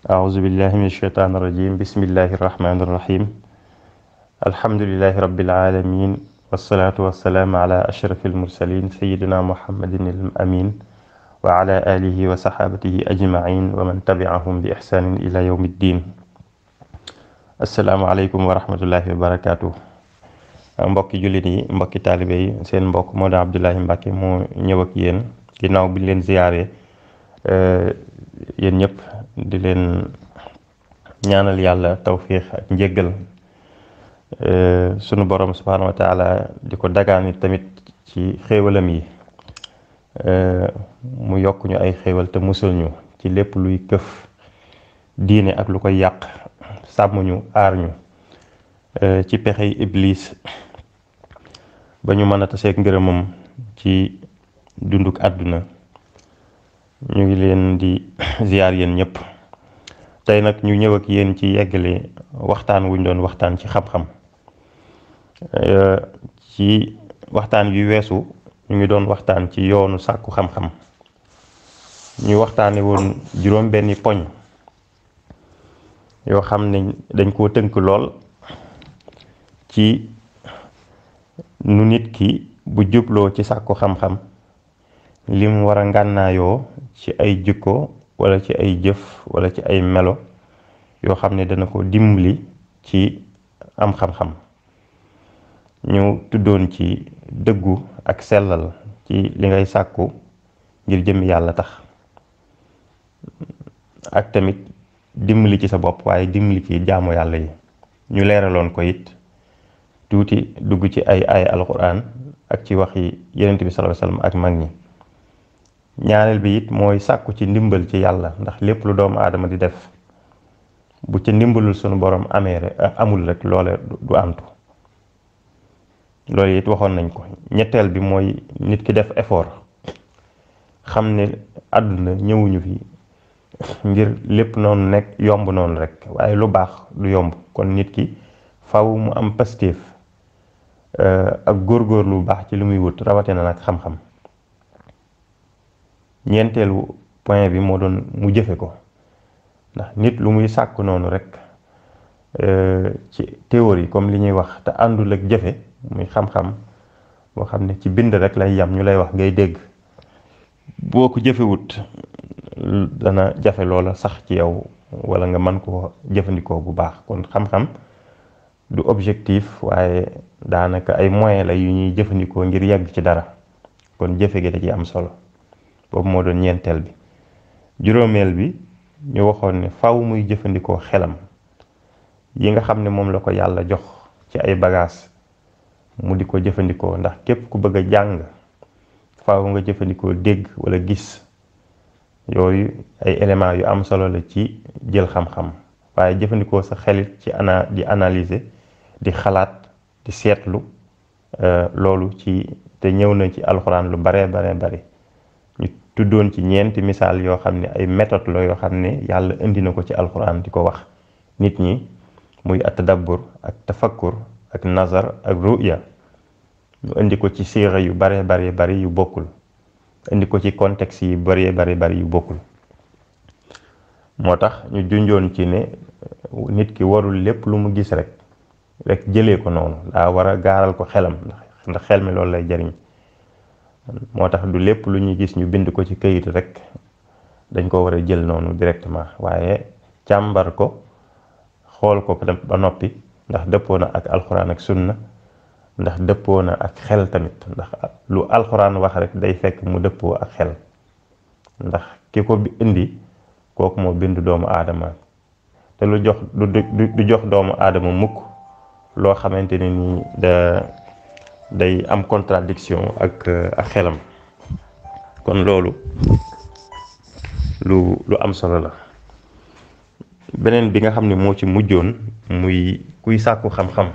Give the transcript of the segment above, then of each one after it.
أعوذ بالله من الشيطان الرجيم بسم الله الرحمن الرحيم الحمد لله رب العالمين والصلاة والسلام على أشرف المرسلين سيدنا محمد الأمين وعلى آله وصحابته أجمعين ومن تبعهم بإحسان إلى يوم الدين السلام عليكم ورحمة الله وبركاته mbokki jullit yi mbokki taalibe yi seen mbokk moo da Abdoulaye Mbacke moo ñëw ak yéen ginnaaw bi leen ziyaare yéen ñëpp di leen ñaanal yàlla tawfiix ak njéggal euh, sunu borom subhaanahu wa di ko dagaani tamit ci xéewalam yi euh, mu yokk ñu ay xéewal te musal ñu ci lépp luy këf diine ak lu koy yàq sàmm ñu aar ñu euh, ci pexey iblis ba ñu mën a taseeg ngërëmam ci dunduk àdduna ñu ngi leen di ziar yéen ñëpp tey nag ñu ñëw ak yéen ci yeggale waxtaan wuñ doon waxtaan ci xam-xam euh, ci waxtaan yu weesu ñu ngi doon waxtaan ci yoonu sàkku xam-xam ñu waxtaane woon juróom benni poñ yoo xam ne dañ koo tënk lool ci nu nit ki bu jubloo ci sàkku xam-xam lim war a ngànnaayoo ci ay jikko walla ci ay jëf wala ci ay melo yoo xam ne dana ko dimbali ci am xam-xam ñu tuddoon ci dëggu ak sellal ci li ngay sàkku ngir jëm yàlla tax ak tamit dimbali ci sa bopp waaye dimbali ci jaamu yàlla yi ñu leeraloon ko it tuuti dugg ci ay ay alquran ak ci wax yi yonent bi sallallahu alayhi ak mag ñi ñaareel bi it mooy sàkku ci ndimbal ci yàlla ndax lépp lu doomu aadama di def bu ci ndimbalul sunu borom amee rek eh, amul rek loole du antu loolu it waxoon nañ ko ñetteel bi mooy nit ki def effort xam ne àdduna ñëwuñu fi ngir lépp noonu nekk yomb noonu rek waaye lu baax du yomb kon nit ki faw mu am pastéef eh, ak góor góor lu baax ci li muy wut rawatina nag xam-xam ñeenteelu point bi moo doon mu jëfe ko ndax nit lu muy sàkk noonu rek euh, ci théorie comme li ñuy wax te àndul ak jëfe muy xam-xam boo xam ne ci bind rek lay yam ñu lay wax ngay dégg boo ko jëfewut dana jafe loola sax ci yow wala nga mën koo jëfandikoo bu baax kon xam-xam du objectif waaye daanaka ay moyens la yu ñuy jëfandikoo ngir yegg ci dara kon jëfe gi da ci am solo boobu moo doon ñeenteel bi juróomeel bi ñu waxoon ne faw muy jëfandikoo xelam yi nga xam ne moom la ko yàlla jox ci ay bagages mu di ko jëfandikoo ndax képp ku bëgg a jàng faw nga jëfandikoo dégg wala gis yooyu ay éléments yu am solo la ci jël xam-xam waaye jëfandikoo sa xelit ci ana di analyser di xalaat di seetlu euh, loolu ci te ñëw na ci alxuraan lu bare bare bare lu doon ci ñeenti misaal yoo xam ne ay méthode la yoo xam ne yàlla indi na ko ci alxuraan di ko wax nit ñi muy atadabbur ak tafakkur ak nazar ak ruya ñu indi ko ci siira yu bare bare bare yu bokkul indi ko ci contexte yu bare bare bare yu bokkul moo tax ñu junjoon ci ne euh, nit ki warul lépp lu mu gis rek rek jëlee ko noonu daa war a gaaral ko xelam ndax xel mi loolu lay jariñ moo tax du lépp lu ñuy gis ñu bind ko ci kayit rek dañ koo war a jël noonu directement waaye càmbar ko xool ko ba noppi ndax dëppoo na ak alxuraan ak sunna ndax dëppoo na ak xel tamit ndax lu alxuraan wax rek day fekk mu dëppoo ak xel ndax ki ko indi kooku moo bind doomu aadama te lu jox du jox doomu aadama mukk loo xamante ne nii day am contradiction euh, ak xelam kon loolu lu lu am solo la beneen bi nga xam ni moo ci mujjoon muy kuy sàkku xam-xam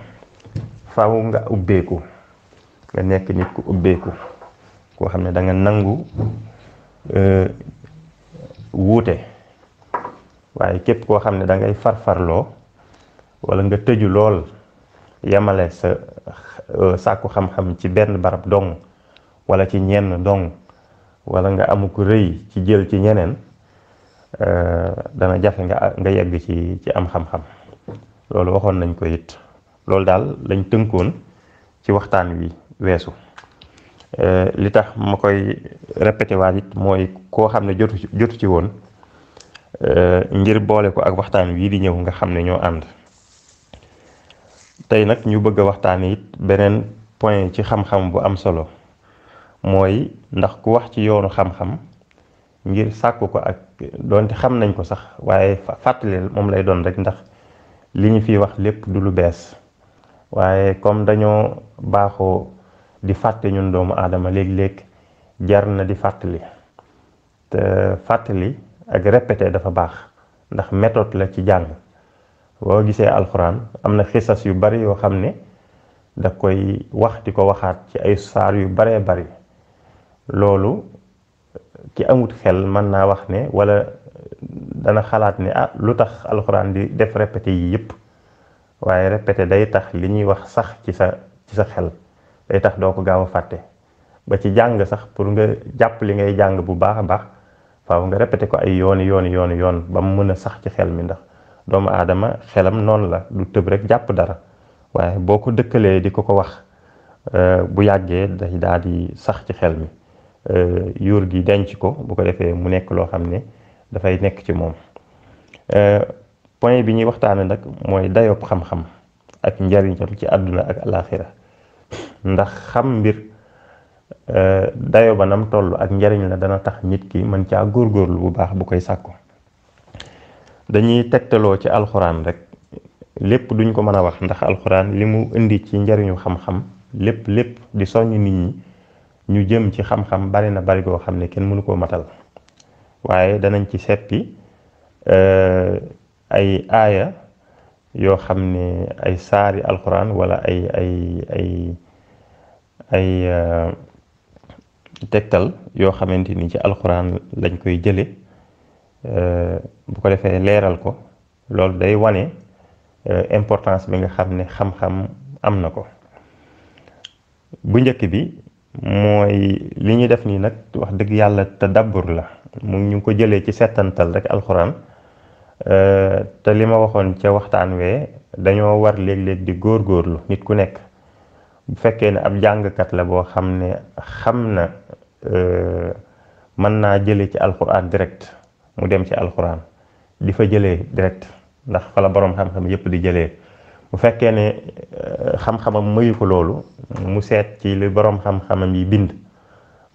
faaw nga ubbeeku nga nekk nit ku ubbeeku koo xam ne da nga nangu euh, wuute waaye képp koo xam ne dangay farfarloo walla nga tëju lool yamale sa Euh, sàkku xam-xam ci benn barab dong wala ci ñenn dong wala nga amu ko rëy ci jël ci ñeneen euh, dana jafe nga nga yegg ci ci am xam-xam loolu waxoon nañ ko it loolu daal lañ tënkoon ci waxtaan wi weesu euh, li tax ma koy répété waat it mooy koo xam ne jotu ci jotu ci woon ngir boole ko ak waxtaan wii di ñëw nga xam ne ñoo ànd tey nag ñu bëgg a waxtaane it beneen point ci xam-xam bu am solo mooy ndax ku wax ci yoonu xam-xam ngir sàkk ko ak doonte xam nañ ko sax waaye fàttaleel moom lay doon rek ndax li ñu fi wax lépp du lu bees waaye comme dañoo baaxoo di fàtte ñun doomu aadama léegi léeg jar na di fàttali te fàttali ak répété dafa baax ndax méthode la ci jàng boo gisee alxuraan am na xisas yu bari yoo xam ne daf koy wax di ko waxaat ci ay saar yu baree bari loolu ki amut xel mën naa wax ne wala dana xalaat ne ah lu tax alxuraan di def répété yi yëpp waaye répété day tax li ñuy wax sax ci sa ci sa xel day tax doo ko gaaw a fàtte ba ci jàng sax pour nga jàpp li ngay jàng bu baax a baax faaw nga répété ko ay yoon yooni yooni yoon ba mu mën a sax ci xel mi ndax doomu aadama xelam noonu la du tëb rek jàpp dara waaye boo ko dëkkalee di ko ko wax euh, bu yàggee day daal sax ci xel mi euh, yoor gi denc ko bu ko defee mu nekk loo xam ne dafay nekk ci moom euh, point bi ñuy waxtaane nag mooy dayob xam ak njariñam ci àdduna ak alaaxira ndax xam mbir dayo ba nam toll ak njariñ la dana tax nit ki mën caa góorgóorlu bu baax bu koy sàkku dañuy tegtaloo ci alxuraan rek lépp duñ ko mën a wax ndax alxuraan li mu indi ci njariñu xam-xam lépp lépp di soññ nit ñi ñu jëm ci xam-xam bari na bari goo xam ne kenn mënu koo matal waaye danañ ci seppi eh, ay aaya yoo xam ne ay saari alxuraan wala ay ay ay ay eh, tegtal yoo xamante ni ci alxuraan lañ koy jële Euh, bu ko defee leeral ko loolu day wane euh, importance bi nga xam ne xam-xam am na ko bu njëkk bi mooy li ñuy def nii nag wax dëgg yàlla tadabbur la mu ñu ko jëlee ci settantal rek alxuraan euh, te li ma waxoon ca waxtaan wee dañoo war léeg-léeg di góorgóorlu nit ku nekk bu fekkee ne ab jàngkat la boo xam ne xam na mën naa jële ci alxuraan direct mu dem ci alxuraan di fa jëlee direct ndax fa la borom xam-xam yëpp di jëlee bu fekkee ne euh, xam-xamam mayu ko loolu mu seet ci li borom xam-xamam yi bind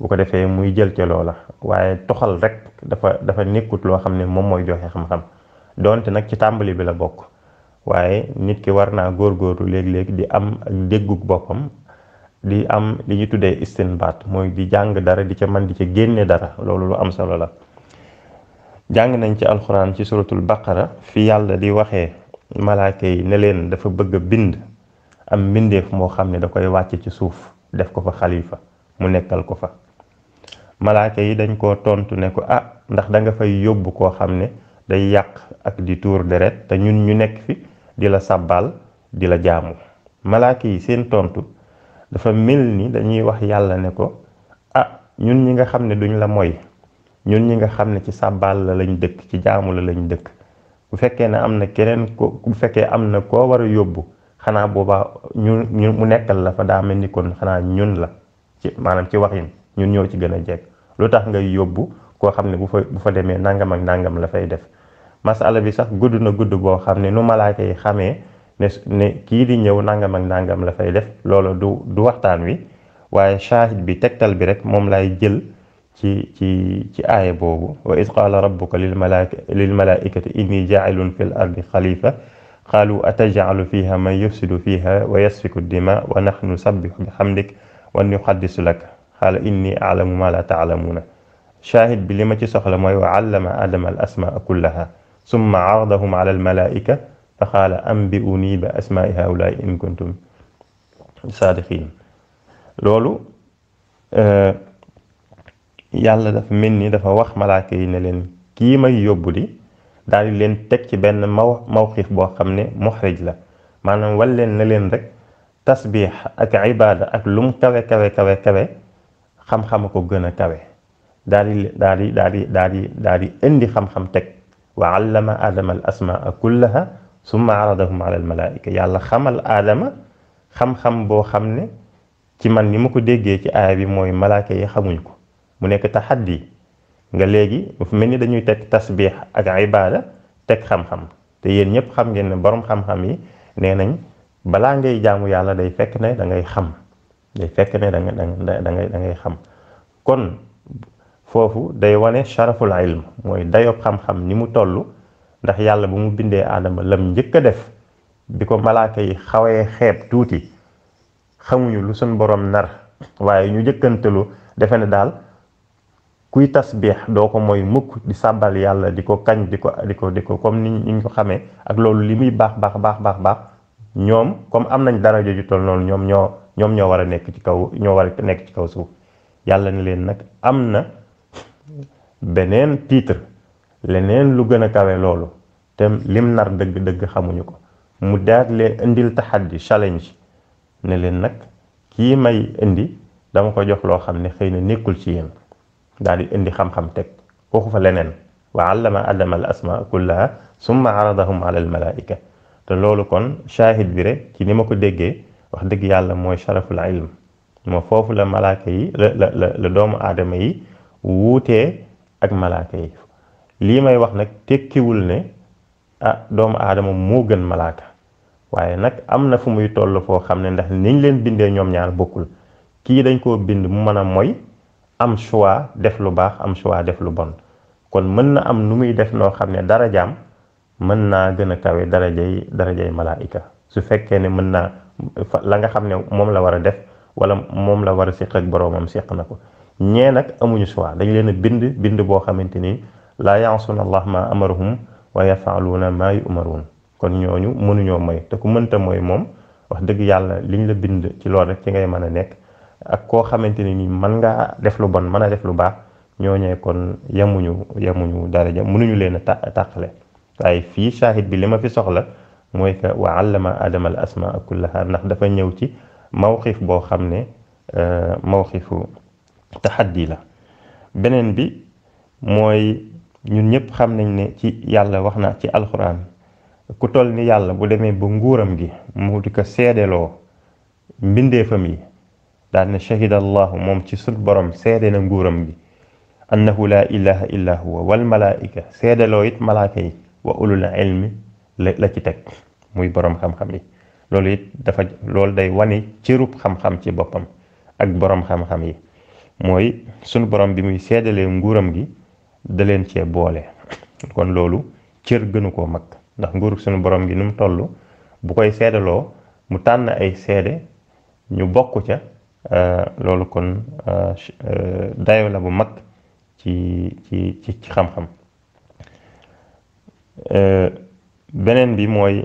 bu ko defee muy jël ca loola waaye toxal rek dafa dafa nekkut loo xam ne moom mooy joxe xam-xam donte nag ci tàmbali bi la bokk waaye nit ki war naa góor góoru léeg-léeg di am ak déggug boppam di am li ñu tuddee istinbaat mooy di jàng dara di ca man di ca génne dara loolu lu am solo la jàng nañ ci alxuraan ci suratul baqara fi yàlla di waxee malaake yi ne leen dafa bëgg a bind am mbindeef moo xam ne da koy wàcc ci suuf def ko fa xalifa mu nekkal ko fa malaake yi dañ koo tontu ne ko ah ndax danga fay yóbbu koo xam ne day yàq ak di tuur deret te ñun ñu nekk fi di la sàbbaal di la jaamu malaaka yi seen tontu dafa mel ni dañuy wax yàlla ne ko ah ñun ñi nga xam ne duñ la moy ñun ñi nga xam ne ci sàbbaal la lañ dëkk ci jaamu la lañ dëkk bu fekkee ne am na keneen ko bu fekkee am na koo war a yóbbu xanaa boobaa ñu ñu mu nekkal la fa daa mel ni kon xanaa ñun la ci maanaam ci waxin ñun ñëw ci gën a jekk lu tax ngay yóbbu koo xam ne bu fa bu fa demee nangam ak nangam la fay def masala bi sax gudd na gudd boo xam ne nu malaaka yi xamee ne ne kii di ñëw nangam ak nangam la fay def loolu du du waxtaan wi waaye shaahid bi tegtal bi rek moom lay jël ci ci ci aaya boobu wa id qaala rabbuka lil malaaikati inni jaacilun fi l ardi xalifa qaalu atajcalu fiha man yufsidu fiha wa yasfiku dima wa naxnu nusabbixu bi xamdik wa nuxaddisu lak qaala inni aclamu ma la taclamuuna shaahid bi li ma ci soxla mooy wa allama adama al asmaa kullaha summa caradahum ala almalaaika fa qaala ambi'uuni bi asmaai haulaai in kuntum saadiqin loolu eh, yàlla dafa mel nii dafa wax malaake yi ne leen kii may yóbbu di daal di leen teg ci benn maw mawqif boo xam ne muxrij la maanaam wal leen na leen rek tasbiix ak ibaada ak lum kawe kawe kawe kawe xam-xama ko gën a kawe daal di daal di daal di daal di daal di indi xam-xam teg wa allama aadama al asmaa kullaha summa aradahum ala al malaika yàlla xamal aadama xam boo xam ne ci man ni ma ko déggee ci aaya bi mooy malaaka yi xamuñ ko mu nekk taxaddi nga léegi mel ni dañuy teg tasbiix ak ibaada teg xam-xam te yéen ñëpp xam ngeen ne borom xam-xam yi nee nañ balaa ngay jaamu yàlla day fekk ne da ngay xam day fekk ne da nga da ngay da xam kon foofu day wane sharaful ilm mooy dayob xam-xam ni mu toll ndax yàlla bu mu bindee aadama lam njëkk a def bi ko malaaka yi xawee xeeb tuuti xamuñu lu suñ borom nar waaye ñu jëkkantalu defe ne daal kuy tas beex doo ko mooy mukk di sàbbal yàlla di ko kañ di ko di ko di ko comme ni ñu ko xamee ak loolu li muy baax baax baax baax baax ñoom comme am nañ dara jooju toll noonu ñoom ñoo ñoom ñoo war a nekk ci kaw ñoo war a nekk ci kaw suuf yàlla ni leen nag am na beneen titre leneen lu gën a kawe loolu te lim nar dëgg-dëgg xamuñu ko mu daat leen indil taxaddi challenge ne leen nag kii may indi dama ko jox loo xam ne xëy na nekkul ci yéen daal di indi xam-xam teg waxu fa leneen wa allama adama al asma kullaha summa aradahum ala al te loolu kon shahid bi rek ci ni ma ko déggee wax dëgg yàlla mooy sharaful ilm moo foofu la malaaka yi la la la doomu aadama yi wuutee ak malaaka yi lii may wax nag tekkiwul ne a ah, doomu aadama moo gën malaaka waaye nag am na fu muy toll foo xam ne ndax niñ leen bindee ñoom ñaar bokkul kii dañ koo bind mu mën a moy am choix def lu baax am choix def lu bon kon mën na am nu muy def noo xam ne dara jaam mën naa gën a kawe darajay darajay malaayika su fekkee ne mën naa la nga xam ne moom la war a def wala moom la war a siq ak boroomam siq na ko ñee nag amuñu choix dañ leen a bind bind boo xamante ni laa yaasuna allah ma amarahum wa yafaaluuna maa yumaruun kon ñooñu mënuñoo moy te ku mënta mooy moom wax dëgg yàlla liñ la bind ci loolu rek ci ngay mën a nekk ak koo xamante ne ni mën ngaa def lu bon mën a def lu baax ñooñee kon yamuñu yemuñu daraja mënuñu leen a tàqale waaye fii shahid bi li ma fi soxla mooy que wa allama adama al asmaa kullaha ndax dafa ñëw ci mawxif boo xam ne euh, mawxifu taxaddi la beneen bi mooy ñun ñëpp xam nañ ne ci yàlla wax naa ci alxuraan ku toll ni yàlla bu demee ba nguuram gi mu di ko seedeloo mbindeefam yi daal ne moom ci sut borom seede na nguuram gi annahu laa ilaha illa huwa wal malaika seedaloo it malaaka yi wa ulul ilmi la ci teg muy borom xam-xam yi loolu it dafa loolu day wane cërub xam-xam ci boppam ak borom xam-xam yi mooy sunu borom bi muy seedalee nguuram gi da leen cee boole kon loolu cër gënu ko mag ndax nguuru sunu borom gi nu mu toll bu koy seedaloo mu tànn ay seede ñu bokk ca Euh, loolu kon euh, dayo la bu mag ci ci ci xam-xam euh, beneen bi mooy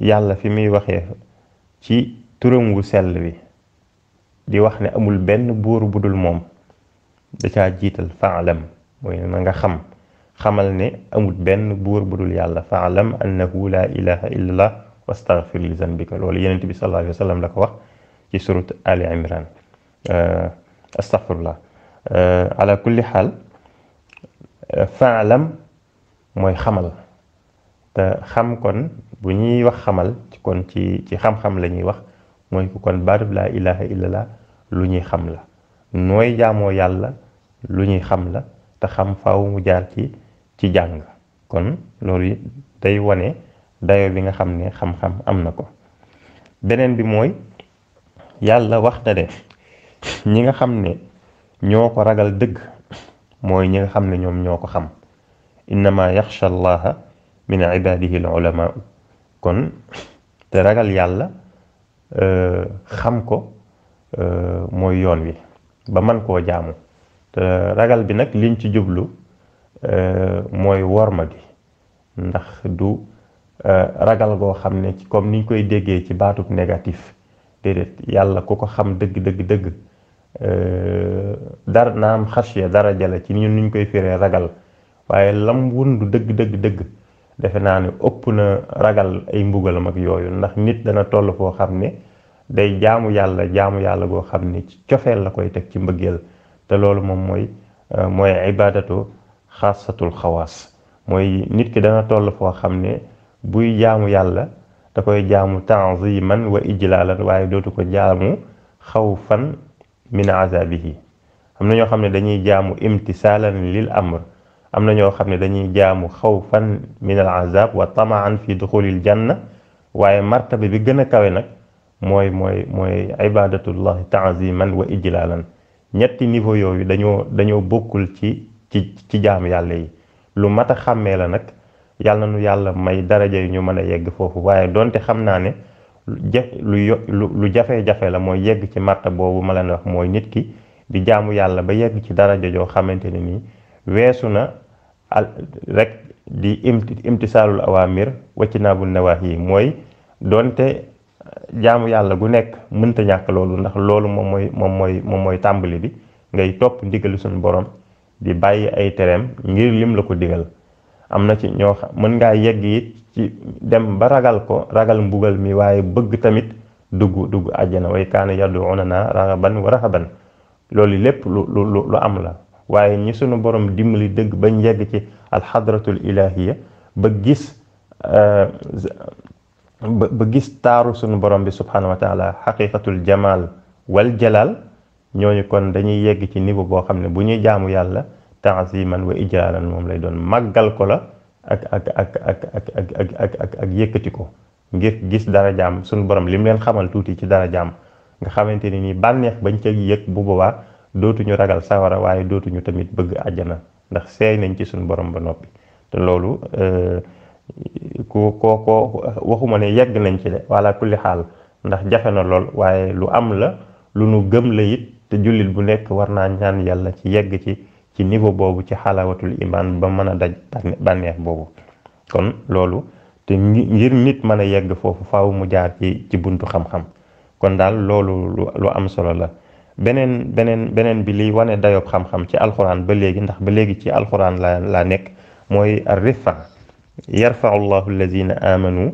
yàlla fi muy waxee ci turam wu sell bi di wax ne amul benn buur bu dul moom da caa jiital faalam mooy na nga xam xamal ne amul benn buur bu dul yàlla faalam annahu laa ilaa illallah wastaghfir li zanbika loolu yenent bi sallallahu alayhi wa sallam la ko wax ci surut Ali Imran astaghfirullah ala kulli xaal faalam mooy xamal te xam kon bu ñuy wax xamal kon ci ci xam-xam la ñuy wax mooy ku kon baatub laa ilaha illallah lu ñuy xam la nooy jaamoo yàlla lu ñuy xam la te xam faaw mu jaar ci ci jàng kon loolu day wone dayo bi nga xam ne xam-xam am na ko beneen bi mooy yàlla wax na de ñi nga xam ne ñoo ko ragal dëgg mooy ñi nga xam ne ñoom ñoo ko xam innama yaxsha allaha min ibadihi al ulama kon te ragal yàlla euh, xam ko euh, mooy yoon wi ba man koo jaamu te ragal bi nag liñ ci jublu euh, mooy worma gi ndax du ragal goo xam ne comme niñ koy déggee ci baatub négatif déedéet yàlla ku ko xam dëgg dëgg dëgg euh, dara naam xasiya dara jala ci ñun nuñ koy firee ragal waaye lam wundu dëgg dëgg dëgg defe naa ni ëpp na ragal ay mbugalam ak yooyu ndax nit dana toll foo xam ne day jaamu yàlla jaamu yàlla goo xam ne ci cofeel la koy teg ci mbëggeel te loolu moom mooy euh, mooy ibadatu xaasatul xawaas mooy nit ki dana toll foo xam ne buy jaamu yàlla da koy jaamu tanziman wa ijlaalan waaye dootu ko jaamu xawfan min azabihi am na ñoo xam ne dañuy jaamu imtisaalan lil amr am na ñoo xam ne dañuy jaamu xawfan min al azab wa tamaan fi duxulil janna waaye martaba bi gën a kawe nag mooy mooy mooy ibadatullahi tanziman wa ijlaalan ñetti niveau yooyu dañoo dañoo bokkul ci ci ci jaam yàlla yi lu mat a xàmmee la nag yàlla nu yàlla may daraja yu ñu mën a yegg foofu waaye donte xam naa ne jaf lu jafe-jafe la mooy yegg ci marta boobu ma leen wax mooy nit ki di jaamu yàlla ba yegg ci daraja joo xamante ne nii weesu na al rek di imti imtisaalul awaamir wacc naa bu yi mooy donte jaamu yàlla gu nekk mënta ñàkk loolu ndax loolu moom mooy moom mooy moom mooy tàmbali bi ngay topp ndigali suñu borom di bàyyi ay tereem ngir lim la ko digal am na ci ñoo xam mën ngaa yegg it ci dem ba ragal ko ragal mbugal mi waaye bëgg tamit dugg dugg àjjana way kaana yadduuna na raxaban wa raxaban loolu lépp lu lu am la waaye ñi sunu borom dimbali dëgg bañ yegg ci alxadratul ilahiya ba gis euh, gis taaru sunu borom bi subhanahu wa taala xaqiqatul jamal wal jalal ñooñu kon dañuy yegg ci niveau boo xam ne bu ñuy jaamu yàlla yi man wa ijaaran moom lay doon màggal ko la ak ak ak ak ak ak ak ak ak yëkkati ko ngir gis dara jaam suñu borom lim leen xamal tuuti ci dara jaam nga xamante ni nii bànneex bañ ca yëg bu boobaa dootuñu ragal sawara waaye dootuñu tamit bëgg àjjana ndax seey nañ ci suñu borom ba noppi te loolu ko ko ko waxuma ne yegg nañ ci de wala kulli xaal ndax jafe na lool waaye lu am la lu nu gëm la it te jullit bu nekk war naa ñaan yàlla ci yegg ci ci niveau boobu ci xalawatul imaan ba mën a daj bànneex boobu kon loolu te ngir nit mën a yegg foofu faaw mu jaar ci ci buntu xam-xam kon daal loolu lu am solo la beneen beneen beneen bi liy wane dayob xam-xam ci alxuraan ba léegi ndax ba léegi ci alxuraan la laa nekk mooy rifa yarfau llahu allazina amanu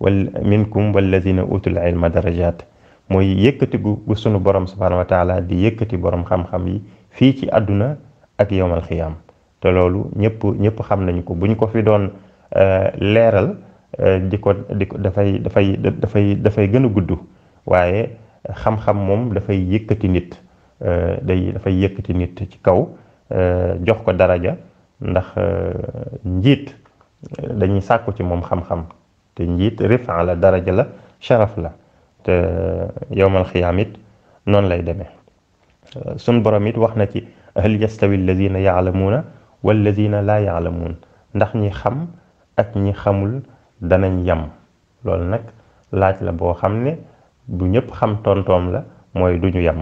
wal minkum wallazina utul ilma darajat mooy yëkkati gu borom subhanahu wa taala di yëkkati borom xam-xam yi fii ci àdduna ak yowmal xiyaam te loolu ñëpp ñëpp xam nañu ko bu ñu ko fi doon euh, leeral euh, di ko di ko dafay dafay dafay dafay gën a gudd waaye xam-xam moom dafay yëkkati nit euh, day dafay yëkkati nit ci kaw jox ko daraja ndax njiit dañuy sàkku ci moom xam-xam te njiit rifan la daraja la sharaf la te yowmal xiyaam it noonu lay demee sun borom it wax na ci hal yastawi alladina yaalamuuna walladina laa yaalamuun ndax ñi xam ak ñi xamul danañ yem loolu nag laaj la boo xam ne du ñëpp xam tontoom la mooy du ñu yem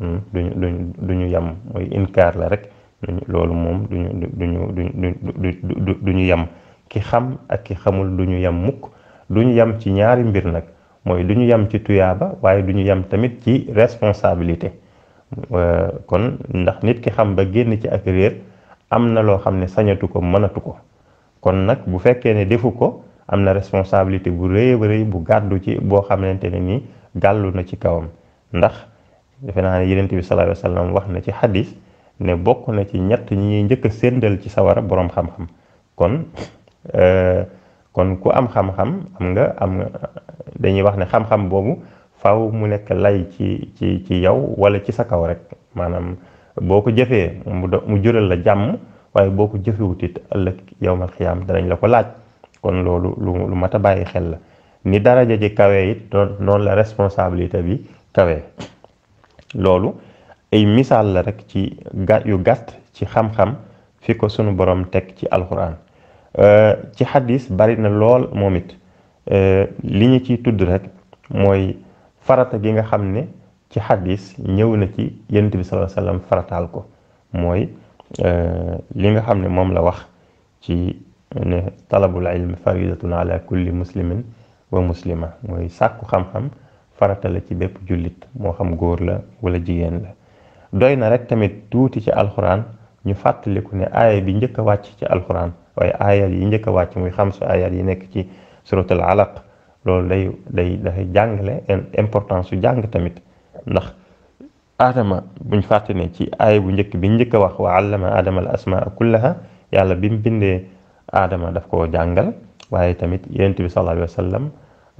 hmm? duñu duñu du ñu yem mooy inkaar la rek loolu moom duñu duñu duñu du ñu yem ki xam ak ki xamul du ñu yem mukk du ñu yem ci ñaari mbir nag mooy du ñu yem ci tuyaaba waaye du ñu yem tamit ci responsabilité Euh, kon ndax nit ki xam ba génn ci ak réer am na loo xam ne sañatu ko mënatu ko kon nag bu fekkee ne defu ko am na responsabilité bu rëy rëy bu gàddu ci boo xamante ne nii gàllu na ci kawam ndax defe naa ne Yonent bi sallallahu wax na ci xadis ne bokk na ci ñett ñi njëkk a séndal ci sawara boroom xam-xam kon euh, kon ku am xam-xam am nga am nga dañuy wax ne xam-xam boobu faw mu nekk lay ci ci ci yow wala ci sa kaw rek maanaam boo ko jëfee mu do mu jural la jàmm waaye boo ko jëfewut it ëllëg yowmal xiyaam danañ la ko laaj kon loolu lu lu mat a bàyyi xel la ni daraja ji kawee it noonu la responsabilité bi kawee loolu ay misaal la rek ci ga yu gàtt ci xam-xam fi ko sunu borom teg ci alxuraan euh, ci xadis bari na lool moom it euh, li ñu ciy tudd rek mooy farata gi nga xam ne ci xadis ñëw na ci yonent bi sallallahu alayhi wasallam farataal ko mooy euh, li nga xam ne moom la wax ci ne talabul ilm faridatun ala kulli muslimin wa muslima mooy sàkku xam-xam ci bépp jullit moo xam góor la wala jigéen la doy na rek tamit tuuti ci alxuraan ñu fàttaliku ne aaya bi njëkk wàcc ci alxuraan waaye aayat yi njëkk wàcc muy xam su aayat yi nekk ci suratul alaq loolu day day dafay jàngale importance yu jàng tamit ndax aadama buñ fàtte ne ci aay bu njëkk bi njëkk a wax wa allama aadama al asmaa kullaha yàlla bi mu bindee aadama daf koo jàngal waaye tamit yonent bi sallallahu alayhi wa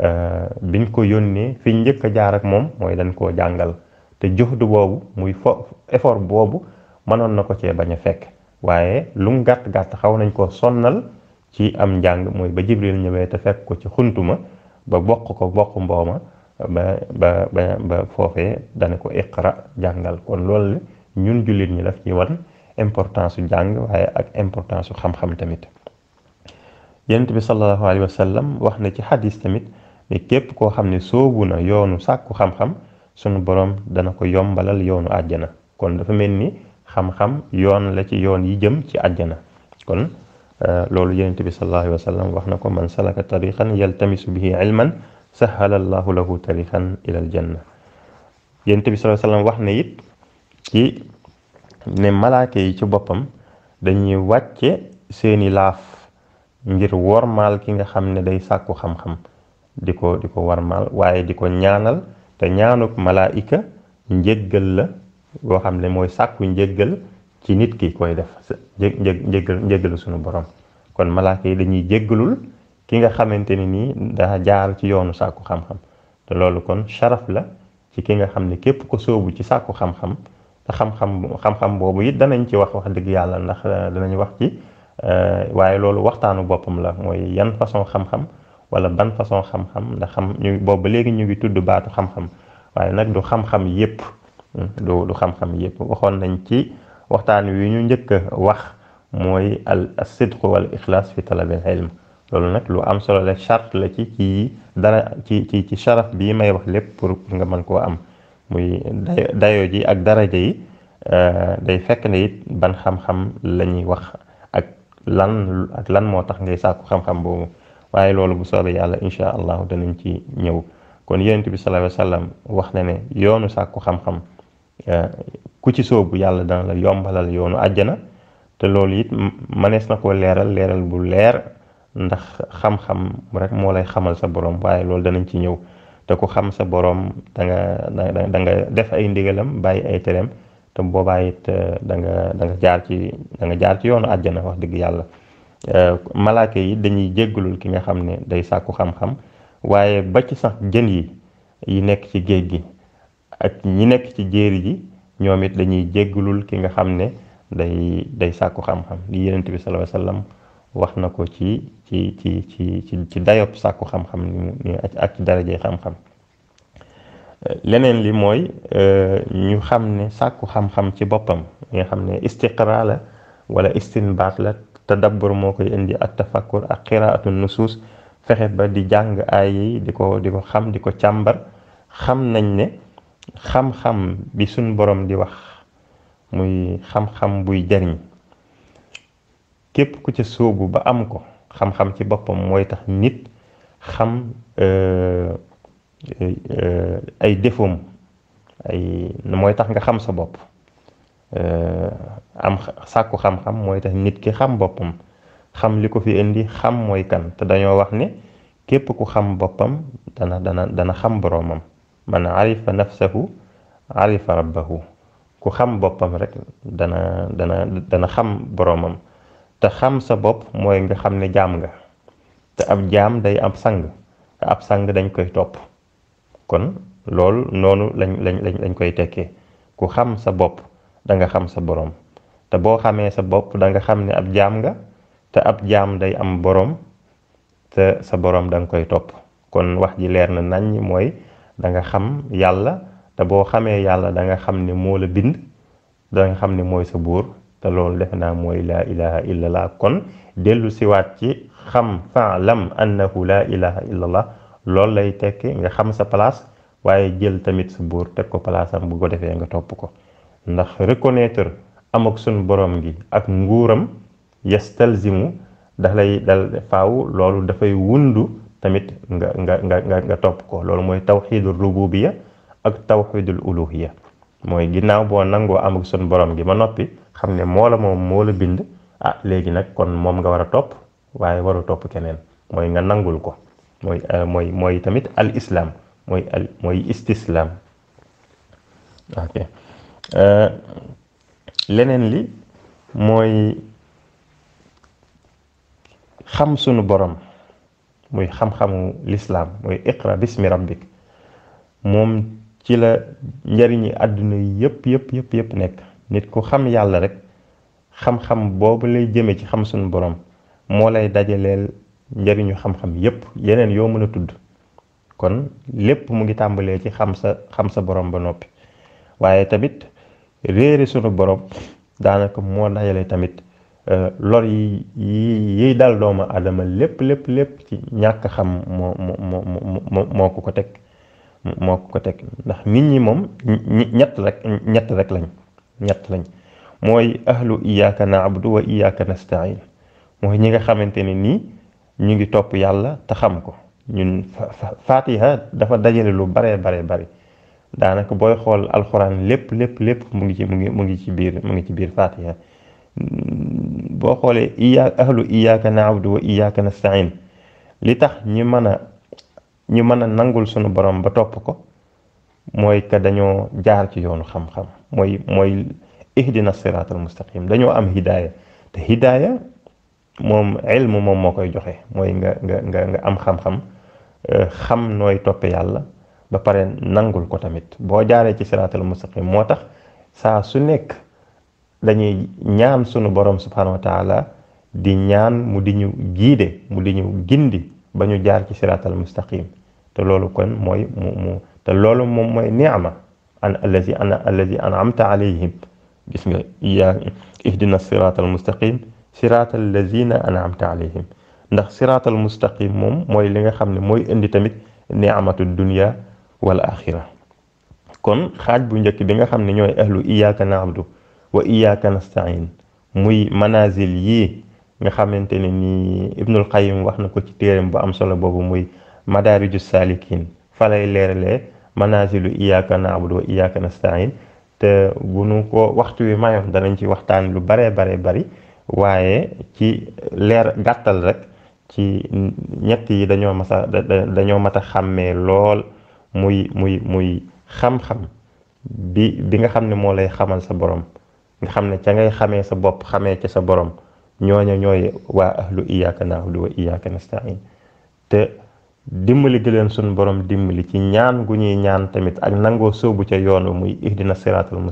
euh, biñ ko yónnee fi njëkk a jaar ak moom mooy dañ koo jàngal te juhdu boobu muy fo effort boobu mënoon na ko cee bañ a fekk waaye lu mu gàtt gàtt xaw nañ koo sonnal ci am njàng mooy ba Jibril ñëwee te fekk ko ci xuntuma ba bokk ko bokk mbooma ba ba ba ba foofee dana ko iqra jàngal kon loolu ñun jullit ñi daf ci wan importance su jàng waaye ak importance su xam-xam tamit yonent bi sallallahu alayhi wa wax na ci xadis tamit ne képp koo xam ne soobu na yoonu sàkku xam-xam sunu borom dana ko yombalal yoonu àjjana kon dafa mel ni xam-xam yoon la ci yoon yi jëm ci àjjana kon Eh, loolu yonent bi sallallahu alayhi wax na ko man salaka tariqan yaltamisu bihi ilman sahala allahu lahu tariqan ila al janna yonent bi sallallahu alayhi wa sallam wax na it ci ne malaake yi ci boppam dañuy wàcce seeni laaf ngir wormaal ki nga xam ne day sàkku xam-xam di ko di ko wormaal waaye di ko ñaanal te ñaanuk malaa'ika njëggal la boo xam ne mooy sàkku njëggal ci nit ki koy def jéggal jéggalu sunu borom kon malaaka yi dañuy jéggalul ki nga xamante ni nii daa jaar ci yoonu sàkku xam-xam te loolu kon sharaf la ci ki nga xam ne képp ko sóobu ci sàkku xam-xam te xam-xam xam boobu it danañ ci wax wax dëgg yàlla ndax eh, danañ wax ci eh, waaye loolu waxtaanu boppam la mooy yan façon xam wala ban façon xam-xam ndax xam ñu boobu ba léegi ñu ngi tudd baatu xam-xam waaye nag du xam-xam yépp hmm, du du xam-xam yépp waxoon nañ ci waxtaan wi ñu njëkk a wax mooy al sidqu wal ixlaas fi talabil ilm loolu nag lu am solo la charte la ci ci dara ci ci ci sharaf bii may wax lépp pour nga man koo am muy dayo ji ak daraja yi euh, day fekk ne it ban xam-xam la ñuy wax ak lan ak lan moo tax ngay sàkku xam-xam boobu waaye loolu bu soobee yàlla incha allah danañ ci ñëw kon yonent bi sallallahu alayhi wax na ne yoonu sàkku xam-xam Euh, ku ci soobu yàlla dana la yombalal yoonu àjjana te loolu it manees na ko leeral leeral bu leer ndax xam-xam rek moo lay xamal sa borom waaye loolu danañ ci ñëw te ko xam sa boroom danga danga def ay ndigalam bàyyi ay tereem te boobaa it euh, da danga da jaar ci danga jaar ci yoonu àjjana wax dëgg yàlla euh, malaake yi dañuy jéggalul ki nga xam ne day sàkku xam-xam waaye ba sax jën yi yi nekk ci géej gi ak ñi nekk ci jéeri ji ñoom it dañuy jéggalul ki nga xam ne day day sàkku xam-xam li yonent bi sallallahu alayhi wasallam wax na ko ci ci ci ci ci ci dayop sàkku xam-xam ni ak ci xam-xam leneen li mooy euh, ñu xam ne sàkku xam-xam ci boppam nga xam ne istiqra la wala istinbaat la tadabbur moo koy indi ak tafakkur ak qiraatu nusuus fexe ba di jàng aay yi di ko di ko xam di ko càmbar xam nañ ne xam-xam bi suñ borom di wax muy xam-xam buy jariñ képp ku ca sóobu ba am ko xam-xam ci boppam mooy tax nit xam euh, euh, ay defoom ay mooy tax nga xam sa bopp euh, am sàkku xam-xam mooy tax nit ki xam boppam xam li ko fi indi xam mooy kan te dañoo wax ne képp ku xam boppam dana dana dana xam boroomam man arifa nafsahu arifa rabbahu ku xam boppam rek dana dana dana xam boromam te xam sa bopp mooy nga xam ne jaam nga te ab jaam day am sang te dañ koy topp kon loolu noonu lañ lañ lañ koy tekkee ku xam sa bopp da nga xam sa boroom te boo xamee sa bopp da nga xam ne ab jaam nga te ab jaam day am boroom te sa boroom da nga koy topp kon wax ji leer na nañ mooy da nga xam yàlla te boo xamee yàlla da nga xam ne moo la bind da nga xam ne mooy sa buur te loolu defe naa mooy laa ilaha illallah kon dellu siwaat ci xam faalam annahu laa ilaha illallah loolu lay tekk nga xam sa place waaye jël tamit sa buur teg ko palaasam bu ko defee nga topp ko ndax reconnaître am ak sunu borom gi ak nguuram yastalzimu da lay dal faaw loolu dafay wundu tamit nga nga nga nga topp ko loolu mooy tawxidul rububiya ak tawxidul uluhiya mooy ginnaaw boo nangoo am ak sun borom gi ba noppi xam ne moo la moom moo la bind ah léegi nag kon moom nga war a topp waaye waru topp keneen mooy nga nangul ko mooy euh, tamit al islam mooy al mooy istislaam euh, leneen li mooy xam sunu borom muy xam-xamu lislaam muy iqra bismi rabbik moom ci la njariñi àdduna yëpp yëpp yëpp yëpp nekk nit ku xam yàlla rek xam-xam boobu lay jëme ci xam suñu borom moo lay dajaleel njariñu xam-xam yëpp yeneen yoo mën a tudd kon lépp mu ngi tàmbalee ci xam sa xam sa borom ba noppi waaye tamit réere sunu borom daanaka moo dajale tamit Euh, lor yi yi yiy dal doomu adama lépp lépp lépp ci ñàkk xam moo moo moo moo ko teg moo ko ko teg ndax nit ñi moom ñett rek ñett rek lañ ñett lañ mooy ahlu iyyaka na'budu wa iyyaka nasta'in mooy ñi nga xamante ni nii ñu ngi topp yàlla te xam ko ñun fatiha dafa dajale lu bare bare bari daanaka booy xool alxuraan lépp lépp lépp mu ngi ci mu ngi mu ngi ci biir mu ngi ci biir fatiha boo xoolee iya ahlu iyaaka naabudu wa iyaaka nastain li tax ñi mën a ñi mën a nangul sunu borom ba topp ko mooy que dañoo jaar ci yoonu xam-xam mooy mooy ihdina siraatal mustaqim dañoo am hidaaya te hidaaya moom ilmu moom moo koy joxe mooy nga nga nga nga am xam-xam euh, xam nooy toppe yàlla ba pare nangul ko tamit boo jaaree ci siraatal mustaqim moo tax saa su nekk dañuy ñaan sunu borom subhanahu wa taala di ñaan mu di ñu giide mu di ñu gindi ba ñu jaar ci siraatal mustaqim te loolu kon mooy mu moom mooy ni'ma an allazi an allazi an'amta alayhim gis nga yaa ihdina siraatal mustaqim siraatal lazina an'amta alayhim ndax siraatal mustaqim moom mooy li nga xam ne mooy indi tamit ni'matu dunya wal axira kon xaaj bu njëkk bi nga xam ne ñooy ahlu iyyaka na'budu wa iyyaka nasta'in muy manazil yii nga xamante ni ibnul Qayyim wax na ko ci téeram bu am solo boobu muy madaariju saalikin falay leeralee manazilu iyyaka na'budu wa iyyaka nasta'in te bu nu ko waxtu wi mayoon danañ ci waxtaan lu baree bare bari waaye ci leer gàttal rek ci ñett yi dañoo masa dañoo mat a xàmmee lool muy muy muy xam-xam bi bi nga xam ne moo lay xamal sa borom nga xam ne ca ngay xamee sa bopp xame ca sa borom ñooña ñooy waa ahlu iyyaka na'budu wa iyyaka nasta'in te dimbali gi leen sunu borom dimbali ci ñaan gu ñuy ñaan tamit ak nangoo sóobu ca yoon muy ihdina siraatal mu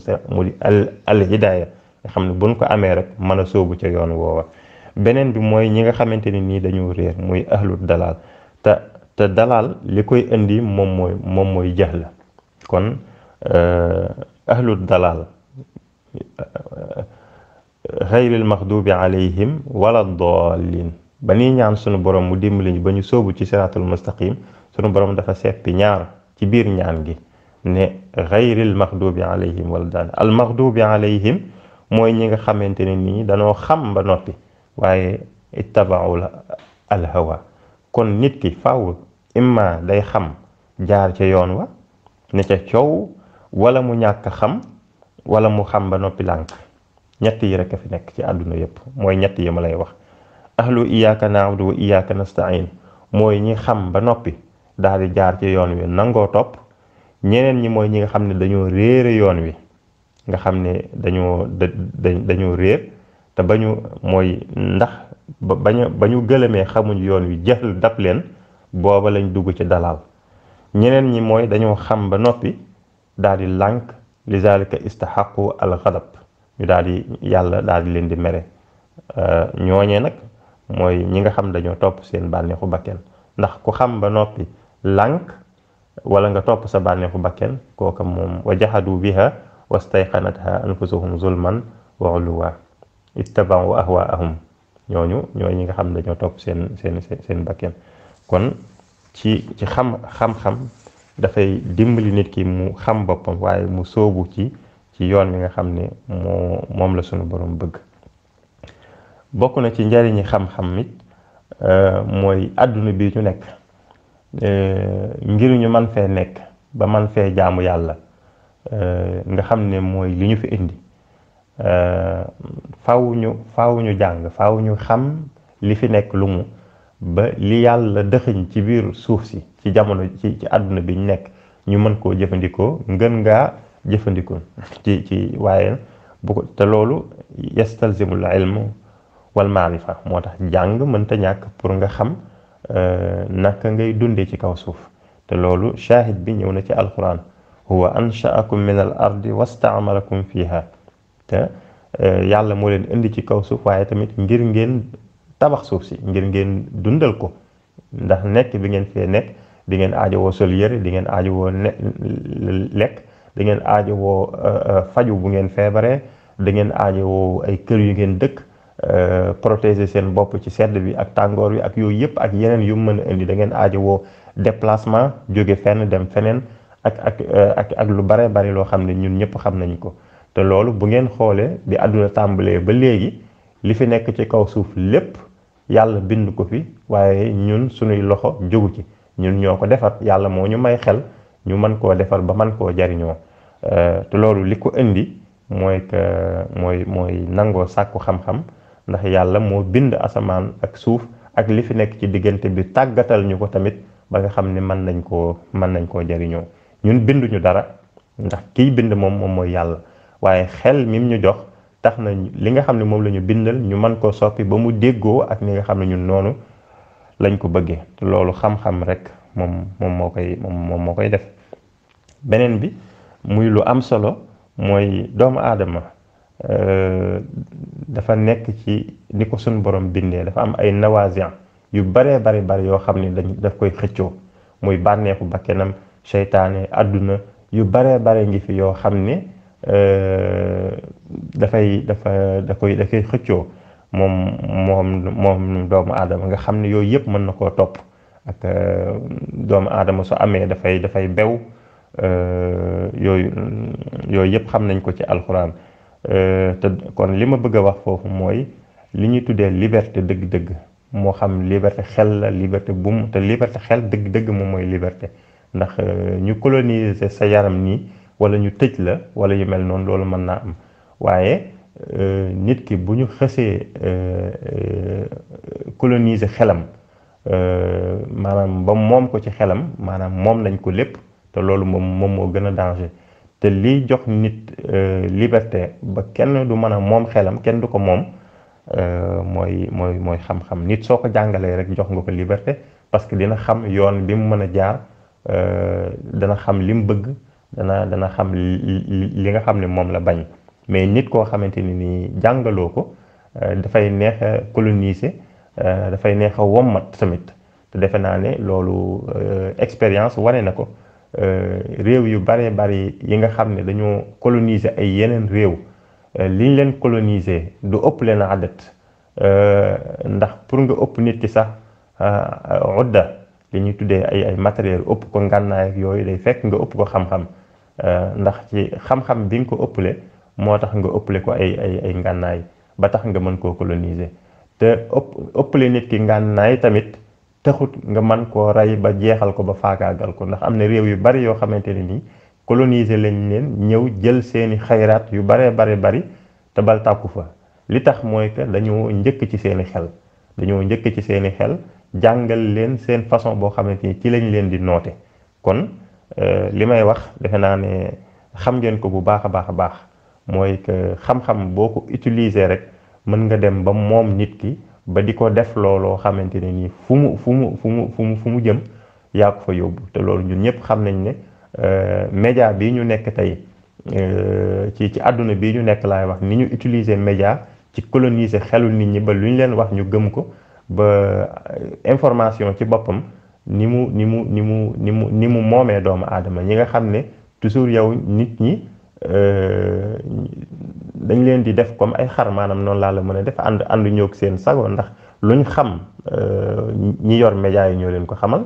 al al hidaaya nga xam ne buñ ko amee rek mën a sóobu ca yoon woowa beneen bi mooy ñi nga xamante ni nii dañoo réer muy ahlu dalaal te te dalal li koy indi moom mooy moom mooy jax la kon euh, ahlu dalaal xayril maxdubi alayhim wala dallin ba nii ñaan sunu borom mu dimbali ñu ba ñu sóobu ci siraatul mustaqim sunu borom dafa seppi ñaar ci biir ñaan gi ne xayril maxdubi alayhim wala dallin al maxdubi alayhim mooy ñi nga xamante ne nii danoo xam ba noppi waaye ittabaaw la al kon nit ki faaw imma day xam jaar ci yoon wa ne ca coow wala mu ñàkk xam wala mu xam ba noppi lànk ñett yi rek a fi nekk ci àdduna yépp mooy ñett yi ma lay wax ahlu iyyaka na'budu wa iyyaka nasta'in mooy ñi xam ba noppi daal di jaar ci yoon wi nangoo topp ñeneen ñi mooy ñi nga xam ne dañoo réere yoon wi nga xam ne dañoo dañoo réer te bañu mooy ndax ba ba ñu gëlëmee xamuñu yoon wi jël dab leen booba lañ dugg ci dalaal ñeneen ñi mooy dañoo xam ba noppi daal di lànk li zalika istaxaqu alxadab ñu daal di yàlla daal di leen di mere euh, ñooñe nag mooy ñi nga xam dañoo topp seen bànneexu bakken ndax ku xam ba noppi lank wala nga topp sa bànneexu bakken kooka moom wa jaxadu biha wastayqanatha anfusuhum zulman wa uluwa ittabau ahwaahum ñooñu ñooy ñi nga xam dañoo topp seen seen seen kon ci xam xam-xam dafay dimbali nit ki mu xam boppam waaye mu sóobu ci ci yoon wi nga xam ne moom la sunu borom bëgg bokk na ci njariñi xam-xam it euh, mooy àdduna bi ñu nekk euh, ngir ñu man fee nekk ba man fee jaamu yàlla euh, nga xam ni mooy li ñu fi indi faw ñu faw ñu jàng faw ñu xam li fi nekk lu mu ba li yàlla dëxëñ ci biir suuf si ci jamono ci ci àdduna bi ñu nekk ñu mën koo jëfandikoo ngën ngaa jëfandikoo ci ci waaye bu ko te loolu yastalzimul ilm wal maarifa moo tax jàng mënta ñàkk pour nga xam euh, naka ngay dundee ci kaw suuf te loolu shahid bi ñëw na ci alquran huwa anshaakum min al ardi wastaamarakum fiha te euh, yàlla moo leen indi ci kaw suuf waaye tamit ngir ngeen tabax suuf si ngir ngeen dundal ko ndax nekk bi ngeen fee nekk di ngeen woo sol yëre di ngeen aajowoo lekk da ngeen aajowoo euh, euh, faju bu ngeen feebaree da ngeen woo ay kër yu ngeen dëkk euh, protéger seen bopp ci sedd bi ak tàngoor bi ak yooyu yëpp ak yeneen yu mën a indi da ngeen woo déplacement jóge fenn dem feneen ak ak ak ak lu bare bari loo xam ne ñun ñëpp xam nañu ko te loolu bu ngeen xoolee bi àdduna tàmbalee ba léegi li fi nekk ci kaw suuf lépp yàlla bind ko fi waaye ñun sunuy loxo jógu ci ñun ñoo ko defar yàlla moo ñu may xel ñu mën koo defar ba man koo jariñoo euh, te loolu li ko indi mooy que mooy mooy nangoo sàkku xam-xam ndax yàlla moo bind asamaan ak suuf ak li fi nekk ci diggante bi tàggatal ñu ko tamit ba nga xam ne mën nañ koo mën nañ koo jariñoo ñun binduñu dara ndax kiy bind moom moom mooy yàlla waaye xel mim ñu jox tax na li nga xam ne moom la ñu bindal ñu mën koo soppi ba mu déggoo ak li nga xam ne ñun noonu lañ ko bëggee loolu xam-xam rek moom moom moo koy moom moo koy def beneen bi muy lu am solo mooy doomu aadama euh, dafa nekk ci ni ko suñ borom bindee dafa am ay nawaasiyan yu baree bari bari yoo xam ni dañ daf koy xëccoo muy bànneexu bakkenam seytaane àdduna yu baree bare ngi fi yoo xam ne euh, dafay dafa da koy da xëccoo moom moom moom doomu aadama nga xam ne yooyu yëpp mën na koo topp ak euh, doomu aadama su amee dafay dafay bew euh, yooyu yooyu yëpp xam nañ ko ci alxuraan euh, te kon li ma bëgg a wax foofu mooy li ñuy tuddee liberté dëgg-dëgg moo xam liberté xel la liberté buum te liberté xel dëgg-dëgg moom mooy liberté ndax ñu coloniser sa yaram nii wala ñu tëj la wala yu mel noonu loolu mën naa am waaye Euh, nit ki bu ñu xasee euh, euh, coloniser xelam maanaam ba moom ko ci xelam maanaam moom lañ ko lépp te loolu moom moom moo gën a danger te liy jox nit liberté ba kenn du mën a moom xelam kenn du ko moom mooy mooy mooy xam-xam nit soo ko jàngalee rek jox nga ko liberté parce que dina xam yoon bi mu mën a jaar dana xam li bëgg dana dana xam li nga xam ne moom la bañ mais nit koo xamante ni nii jàngaloo ko euh, dafay neex a coloniser euh, dafay neex a wommat tamit te defe naa ne loolu euh, expérience ware na ko réew yu bare bari yi nga xam ne dañoo coloniser ay yeneen réew liñ leen coloniser du ëpp leen àddat ndax pour nga ëpp nit ki sax udda li ñuy tuddee ay ay matériel ëpp ko ngànnaay yooyu day fekk nga ëpp ko xam-xam ndax ci xam-xam bi nga ko ëpple moo tax nga ëpple ko ay ay ay ngànnaay ba tax nga mën koo coloniser te ëpp ëppale nit ki ngànnaay tamit taxut nga mën koo rey ba jeexal ko ba faagaagal ko ndax am na réew yu bari yoo xamante ne nii coloniser lañ leen ñëw jël seeni xayraat yu baree bare bari te bal fa li tax mooy dañoo njëkk ci seeni xel dañoo njëkk ci seeni xel jàngal leen seen façon boo xamante ni ci lañ leen di noote kon euh, li may wax defe naa ne xam ngeen ko bu baax a baax a baax mooy que xam-xam boo ko utiliser rek mën nga dem ba moom nit ki ba di ko def looloo xamante ne nii fu mu fu mu fu mu fu mu fu mu jëm yaa ko fa yóbbu te loolu ñun ñëpp xam nañ ne euh, média bii ñu nekk tey euh, ci ci àdduna bii ñu nekk laay wax ni ñu utiliser média ci coloniser xelu nit ñi ba lu ñu leen wax ñu gëm ko ba euh, information ci boppam ni mu ni mu ni mu ni mu ni mu moomee doomu aadama ñi nga xam ne toujours yow nit ñi Euh, dañ leen di def comme ay xar maanaam noonu laa la mën a def ànd ànd ñoog seen sago ndax luñ xam euh, ñi yor média yi ñoo leen ko xamal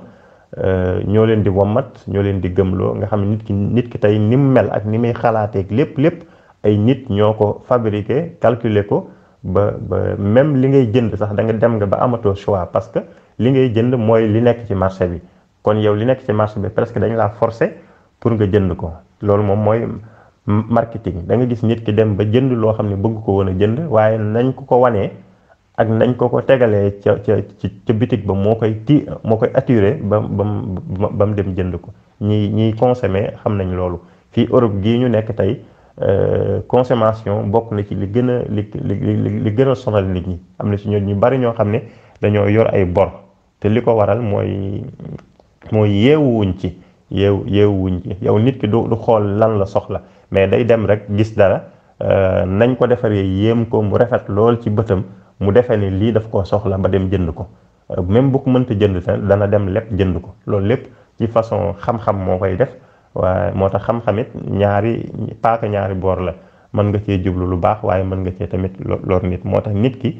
euh, ñoo leen di wommat ñoo leen di gëmloo nga xam nit ki nit ki tey ni mu mel ak ni muy xalaateeg lépp lépp ay nit ñoo ko fabriqué calculer ko ba ba même li ngay jënd sax da nga dem nga ba amatoo choix parce que li ngay jënd mooy li nekk ci marché bi kon yow li nekk ci marché bi presque dañ laa forcé pour nga jënd ko loolu moom mooy marketing da nga gis nit ki dem ba jënd loo xam ne bëgg ko woon a jënd waaye nañ ko ko wanee ak nañ ko ko tegalee ca ca ca bitig ba moo koy tii moo koy attiré ba bam ba mu dem jënd ko ñi ñiy consommer xam nañ loolu fii Europe gii ñu nekk tey euh, consommation bokk na ci li gën a li li li gën a sonal nit ñi am na si ñoo ñu bari ñoo xam ne dañoo yor ay bor te li ko waral mooy mooy yeewuwuñ ci yeewu yeewuwuñ ci yow nit ki du du xool lan la soxla mais day dem rek gis dara euh, nañ ko defaree yéem ko mu rafet loolu ci bëtam mu defee ni lii daf ko soxla ba dem jënd ko euh, même bu mënta jënd dana dem lépp jënd ko loolu lépp ci façon xam-xam moo koy def waaye moo tax xam it ñaari paaka ñaari boor la mën nga cee jublu lu baax waaye mën nga cee tamit lor nit moo tax nit ki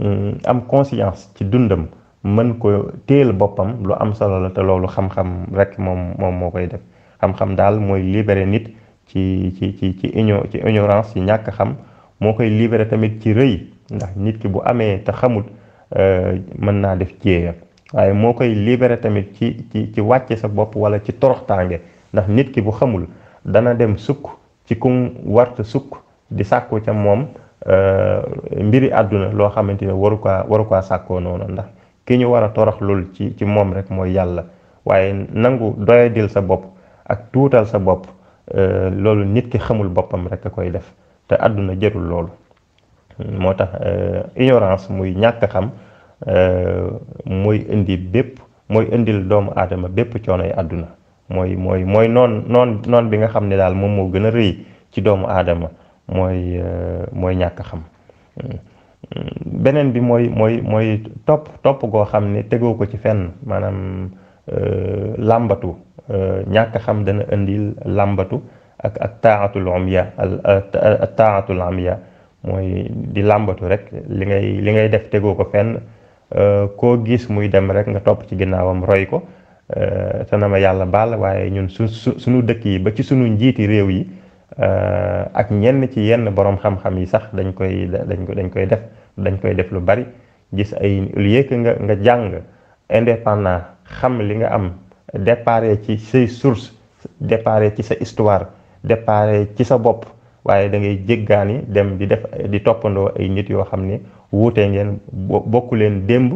mm, am conscience ci dundam mën ko téel boppam lu am solo la te loolu xam-xam rek moom moom moo koy def xam-xam daal mooy libéré nit ci ci ci ci igno ci ignorance ci ñàkk xam moo koy libere tamit ci rëy ndax nit ki bu amee te xamul euh, mën naa def jéeya waaye moo koy libere tamit ci ci ci wàcce sa bopp wala ci toroxtaange ndax nit ki bu xamul dana dem sukk ci kum warta sukk di sàkku ca moom euh, mbiri àdduna loo xamante ne waru kaa waru kaa sàkkoo noonu ndax ki ñu war a torox ci ci moom rek mooy yàlla waaye nangu doyadil sa bopp ak tuutal sa bopp Euh, loolu nit ki xamul boppam rek a koy def te àdduna jërul loolu moo tax euh, ignorance muy ñàkk xam euh, mooy indi bépp mooy indil doomu aadama bépp coono yi àdduna mooy mooy mooy noon noon noon bi nga xam ne daal moom moo gën a rëy ci doomu aadama mooy mooy ñàkk xam beneen bi mooy mooy mooy topp topp goo xam ne tegoo ko ci fenn maanaam làmbatu Euh, ñàkk xam dana indi làmbatu ak ak taatul umya al mooy di làmbatu rek li ngay li ngay def tegoo ko fenn euh, koo gis muy dem rek nga topp ci ginnaawam roy ko euh, te na ma yàlla baal waaye ñun su su suñu dëkk yi ba ci suñu njiiti réew yi ak ñenn ci yenn borom xam-xam yi sax dañ koy dañ ko dañ koy def dañ koy def lu bari gis ay au lieu nga nga jàng indépendant xam li nga am déparé ci say source déparé ci sa histoire déparé ci sa bopp waaye da ngay jéggaani dem di def di toppandoo ay nit yoo xam ne wuute ngeen bokku leen démb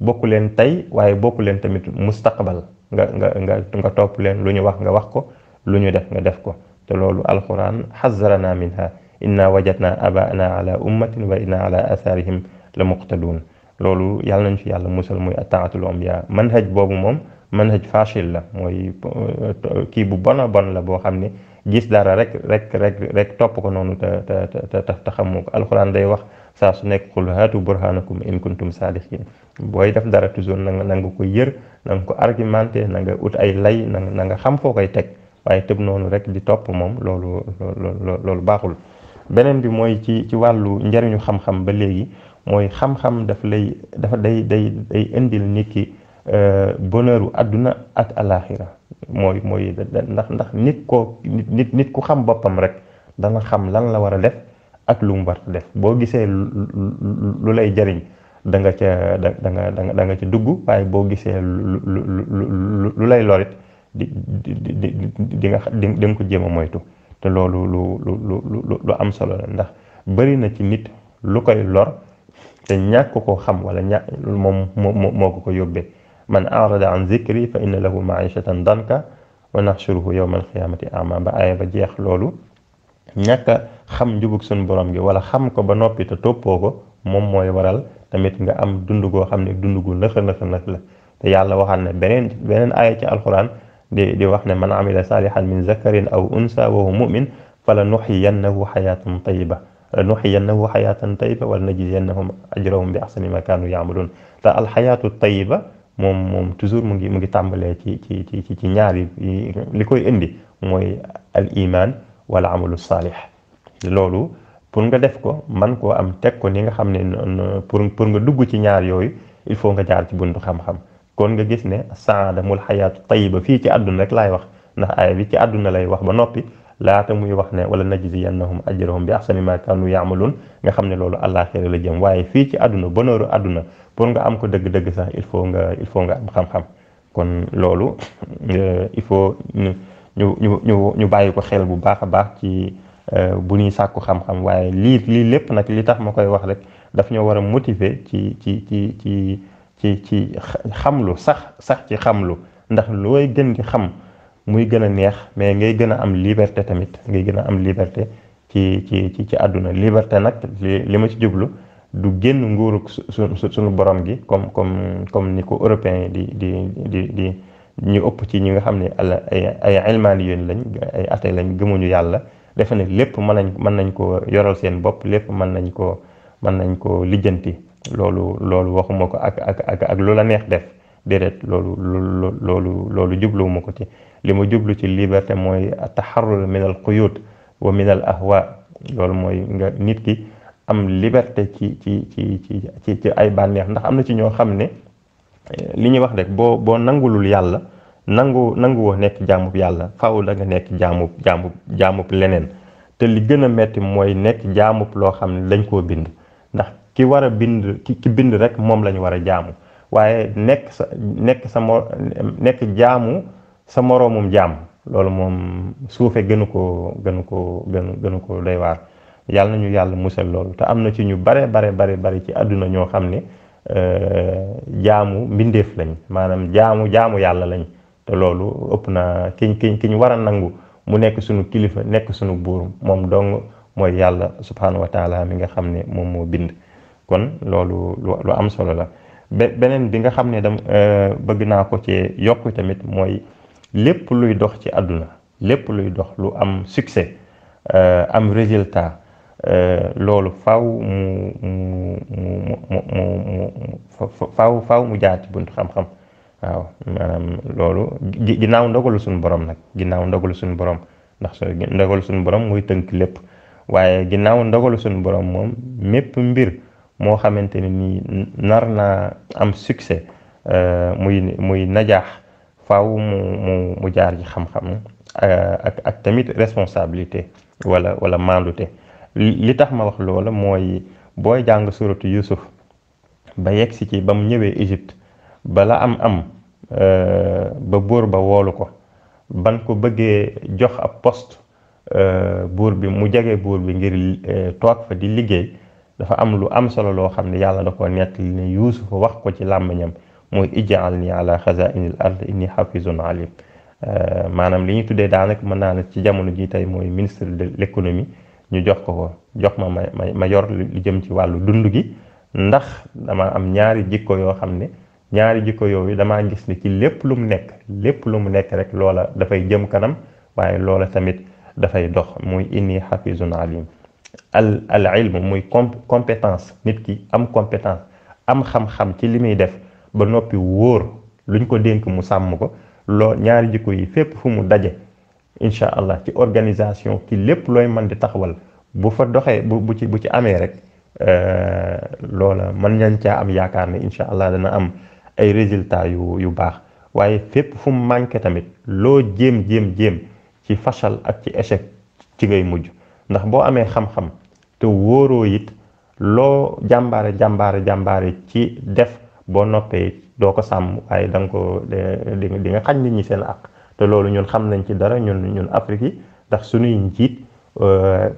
bokk leen tey waaye bokk leen tamit mustaqbal nga nga nga nga topp leen lu ñu wax nga wax ko lu ñu def nga def ko te loolu alquran xazarana minha inna wajadna abaana ala ummatin wa inna ala atharihim la muqtaduun loolu yàlla nañ fi yàlla musal muy ataatul ambiya manhaj boobu moom manhaj fashil la mooy kii bu bon a bon la boo xam ne gis dara rek rek rek rek topp ko noonu te te te te xamoo ko alxuraan day wax saa su nekk xul haatu burhanakum in kuntum saadiqin booy def dara toujours na nga ko yër na nga ko argumenté na ut ay lay na na nga xam foo koy teg waaye tëb noonu rek di topp moom loolu loolu baaxul beneen bi mooy ci ci wàllu njariñu xam-xam ba léegi mooy xam-xam daf lay dafa day day day indil nit ki Euh, bonheur u àdduna ak alaxira mooy mooy ndax ndax nit koo nit ku xam boppam rek dana xam lan la war a def ak lu mu war a def boo gisee lu lay jariñ da nga ca da danga da nga ca dugg waaye boo gisee lu lay lorit di di di nga di nga ko jéem a moytu te loolu lu lu lu lu am solo la ndax bari na ci nit lu koy lor te ñàkk ko xam wala ñàkk moom moo moo ko ko yóbbee. man arada an zikri fa inna lahu maishatan danka wa nahshuruhu yawma alqiyamati ama ba aaya ba jeex loolu ñàkk a xam njubug suñ borom gi wala xam ko ba noppi te toppoo ko moom mooy waral tamit nga am dund goo xam ne dund gu nëx a nëx a nëx la te yàlla waxaat ne beneen beneen aaya ci alxuraan di di wax ne man amila saalihan min zakarin aw unsa wa huwa mumin fala nuxiyannahu xayaatan tayiba la nuxiyannahu xayaatan tayiba wala najziyannahum ajrahum bi axsani ma kaanu yaamaluun te alxayaatu tayiba moom moom toujours mu ngi mu ngi tàmbalee ci ci ci ci ñaar yi li koy indi mooy al iman wala amalu saalix loolu pour nga def ko man koo am teg ko ni nga xam ne pour pour nga dugg ci ñaar yooyu il faut nga jaar ci buntu xam-xam kon nga gis ne saada mul xayaatu tayiba fii ci àdduna rek laay wax ndax aaya bi ci àdduna lay wax ba noppi laata muy wax ne wala najziyannahum ajrahum bi ahsani ma kanu yaamaluun nga xam ne loolu àllaaxira la jëm waaye fii ci àdduna bonheuru àdduna pour nga am ko dëgg-dëgg sax il faut nga il faut nga am xam-xam kon loolu euh, il faut ñu ñu ñu ñu bàyyi ko xel bu baax a baax ci euh, bu ñuy sàkku xam-xam waaye lii lii lépp nag li tax ma koy wax rek daf ñoo war a motiver ci ci ci ci ci ci xamlu sax sax ci xamlu ndax looy gën di xam muy gën a neex mais ngay gën a am liberté tamit ngay gën a am liberté ci ci ci ci àdduna liberté nag li ma ci jublu du génn nguuru su sunu borom gi comme comme comme ni ko européen di di di di ñu ëpp ci ñi nga xam ne ay ay ilmaani yoon lañ ay ate lañ gëmuñu yàlla defe ne lépp mën nañ mën nañ ko yoral seen bopp lépp mën nañ ko mën nañ ko lijjanti loolu loolu waxuma ko ak ak ak ak lu la neex def deret loolu loolu loolu loolu jubluwuma ko ci li ma jublu ci liberté mooy taxarul min al quyut wa min al ahwa loolu mooy nga nit ki am liberté ci ci ci ci ci ay bànneex ndax am na ci ñoo xam ne eh, li ñuy wax rek boo boo nangulul yàlla nangu nanguwoo nekk jaamub yàlla faaw la nga nekk jaamub jaamub jaamub leneen te li gën a metti mooy nekk jaamub loo xam ne dañ koo bind ndax ki war a bind ki bind rek moom lañu war a jaamu waaye nekk sa nekk sa moo nekk jaamu sa moroomum jaam loolu moom suufe gënu ko gënu ko gënu gënu ko doy waar yàlla nañu yàlla musal loolu te am na ci ñu bare bare bare bare ci àdduna ñoo xam ne euh, jaamu mbindeef lañ maanaam jaamu jaamu yàlla lañ te loolu ëpp na kiñ kiñ kiñ war a nangu mu nekk suñu kilifa nekk sunu buur moom dong mooy yàlla subhaanahu wa taala nga xam ne moom moo bind kon loolu lu am solo la beneen bi nga xam ne dam euh, bëgg naa ko ci yokk tamit mooy lépp luy dox ci àdduna lépp luy dox lu am succès euh, am résultat euh, loolu faw mu mu mu mu mu faw faw mu jaar ci bunt xam-xam waaw maanaam loolu ginnaaw ndogalu suñu borom nag ginnaaw ndogalu suñu borom ndax so suñu borom muy tënk lépp waaye ginnaaw ndogalu suñu borom moom mépp mbir moo xamante ne nii nar naa am succès euh, muy muy najaax faaw mu mu jaar ci xam-xam euh, ak tamit responsabilité wala wala maandute li tax ma wax loola mooy booy jàng suratu Yusuf ba yegg si ci ba mu ñëwee Égypte bala am am euh, ba buur ba woolu ko ban ko bëggee jox ab poste euh, buur bi mu jege buur bi ngir toog fa di liggéey dafa am lu am solo loo xam ne yàlla da ko nett li ne wax ko ci làmmiñam mooy ij'alni ala xazaa'inil ard inni xafizun alim euh, maanaam li ñuy tuddee daanaka mën naa ne ci jamono ji tey mooy ministre de l' économie ñu jox ko ko jox ma ma ma yor lu jëm ci wàllu dund gi ndax dama am ñaari jikko yoo xam ne ñaari jikko yooyu damaa gis ne ci lépp lu mu nekk lépp lu mu nekk rek loola dafay jëm kanam waaye loola tamit dafay dox muy inni xafizun alim al al ilm muy compétence nit ki am compétence am xam-xam ci li muy def ba noppi wóor luñ ko dénk mu sàmm ko loo ñaari jikko yi fépp fu mu daje incha allah ci organisation ci lépp looy mën di taxawal bu fa doxee bu bu ci bu ci amee rek euh, loola mën nañ caa am yaakaar ne incha allah dana am ay résultats yu yu baax waaye fépp fu mu manqué tamit loo jéem jéem jéem ci fachal ak ci échec ci ngay mujj ndax boo amee xam-xam te wóoroo it loo jàmbaare jàmbaare jàmbaare ci def boo noppee doo ko sàmm waaye da nga ko di nga xañ nit ñi seen ak te loolu ñun xam nañ ci dara ñun ñun Afrique yi ndax suñuy njiit euh,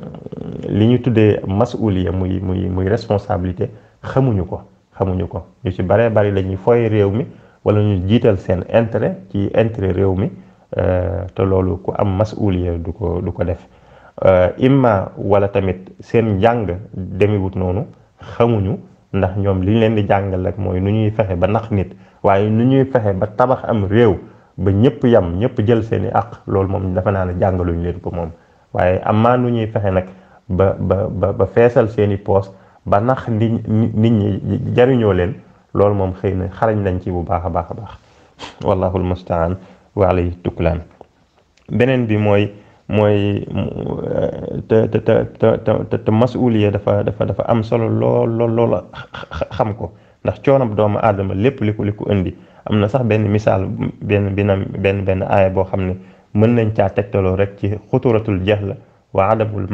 li ñu tuddee masuliya muy muy muy responsabilité xamuñu ko xamuñu ko ñu ci baree bari la ñuy fooy réew mi wala ñu jiital seen intérêt ci intérêt réew mi euh, te loolu ku am masuliya du ko du ko def euh, imma wala tamit seen njàng demewut noonu xamuñu ndax ñoom li ñu leen di jàngal rek mooy nu ñuy fexe ba nax nit waaye nu ñuy fexe ba tabax am réew ba ñëpp yam ñëpp jël seeni àq loolu moom dafa naa ne jàngaluñu leen ko moom waaye amaa nu ñuy fexe nag ba ba ba feesal seeni poos ba nax nit ñi jariñoo leen loolu moom xëy na xarañ nañ ci bu baax a baax a baax wallahul mustaan waalay tukkulaan beneen bi mooy mooy te te te te masuliya dafa dafa dafa am solo lool lool lool xam ko ndax coonam doomu aadama lépp li ko li ko indi am na sax benn misaal benn benn benn aaya boo xam ne mën nañ caa tegtaloo rek ci xuturatul jahl wa adamul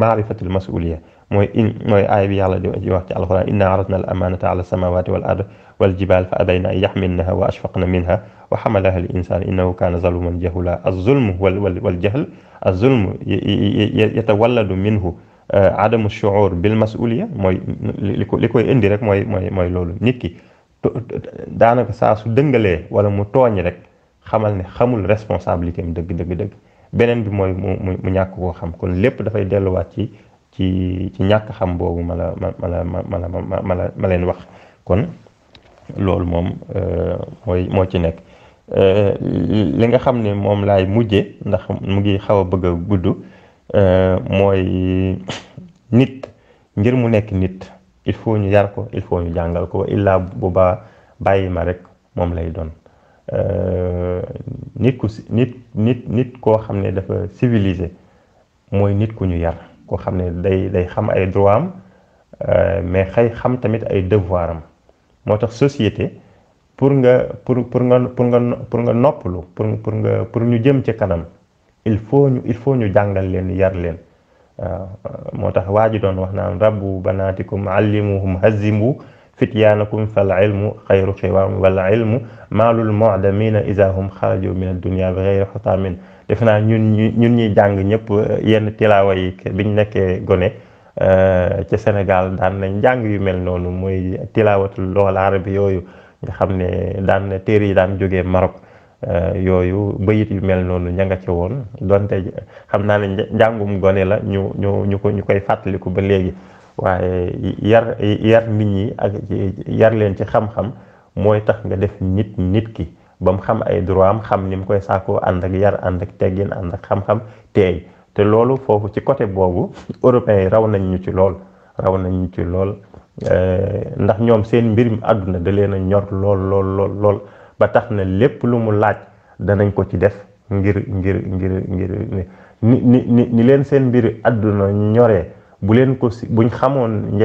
maarifatul masuliya mooy in mooy aay bi yàlla di wax ci alquran inna aradna al amanata ala samawati wal ard wal jibal fa abayna an yaxmilnaha wa ashfaqna minha wa xamalaha al insan innahu kana zaluman jahula azulmu wal jahl azulmu yatawalladu minhu uh, adamu shuur bil masuliya mooy li ko li koy indi rek mooy mooy mooy loolu nit ki daanaka saa su dëngalee wala mu tooñ rek xamal ne xamul responsabilité am dëgg dëgg dëgg beneen bi mooy mu mu ñàkk koo xam kon lépp dafay delluwaat ci ci ci ñàkk xam boobu ma la ma ma la ma ma ma leen wax kon loolu moom euh, mooy moo ci nekk euh, li nga xam ne moom laay mujje ndax mu ngi xaw a bëgg a gudd euh, mooy nit ngir mu nekk nit il faut ñu yar ko il faut ñu jàngal ko illaa bu ba bàyyi ma rek moom lay doon nit ku nit nit nit koo xam ne dafa civilisé mooy nit ku ñu yar koo xam ne day day xam ay droit am euh, mais xay xam tamit ay devoir am moo tax société pour nga pour pour nga pour nga pour nga noppalu pour pour nga pour ñu jëm ci kanam il faut ñu il faut ñu jàngal leen yar leen euh, moo tax waa ji doon wax naan rabbu banaatikum allimuhum hazimu fityaanakum fal ilmu xayru xiwaam wal ilmu maalul mu'damina isa hum xaraju min ad dunia bi xayri xutaamin defe naa ñun ñu ñun ñuy jàng ñëpp eh, yenn tilaawa yi biñ nekkee gone eh, ci Sénégal daan nañ jàng yu mel noonu mooy tilaawatul lool arabi yooyu nga xam ne daan na yi daan jógee Maroc eh, yooyu bayit yu mel noonu ñanga nga ci woon donte xam naa ne njàngum gone la ñu ñu ñu ko ñu koy fàttaliku ba léegi waaye yar yar nit ñi ak yar leen ci xam-xam mooy tax nga def nit nit ki ba mu xam ay droit am xam ni mu koy sàkkoo ànd ak yar ànd ak teggin ànd ak xam-xam teey te loolu foofu ci côté boobu européens yi raw nañ ñu ci lool raw nañ ñu ci lool eh, ndax ñoom seen mbir mi àdduna da leen a ñor lool lool lool ba tax na lépp lu mu laaj danañ ko ci def ngir ngir ngir ngir ni ni ni leen seen mbir àdduna ñoree bu leen ko si buñ xamoon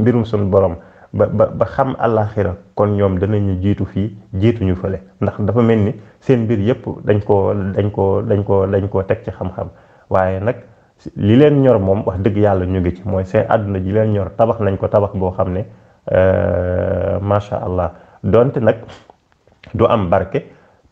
mbirum suñu borom ba ba ba xam àllaaxira kon ñoom danañu jiitu fii jiituñu fële ndax dafa mel ni seen mbir yépp dañ ko dañ ko dañ ko dañ koo teg ci xam-xam waaye nag li leen ñor moom wax dëgg yàlla ñu ngi ci mooy seen àdduna ji leen ñor tabax nañ ko tabax boo xam ne euh, macha allah donte nag du am barke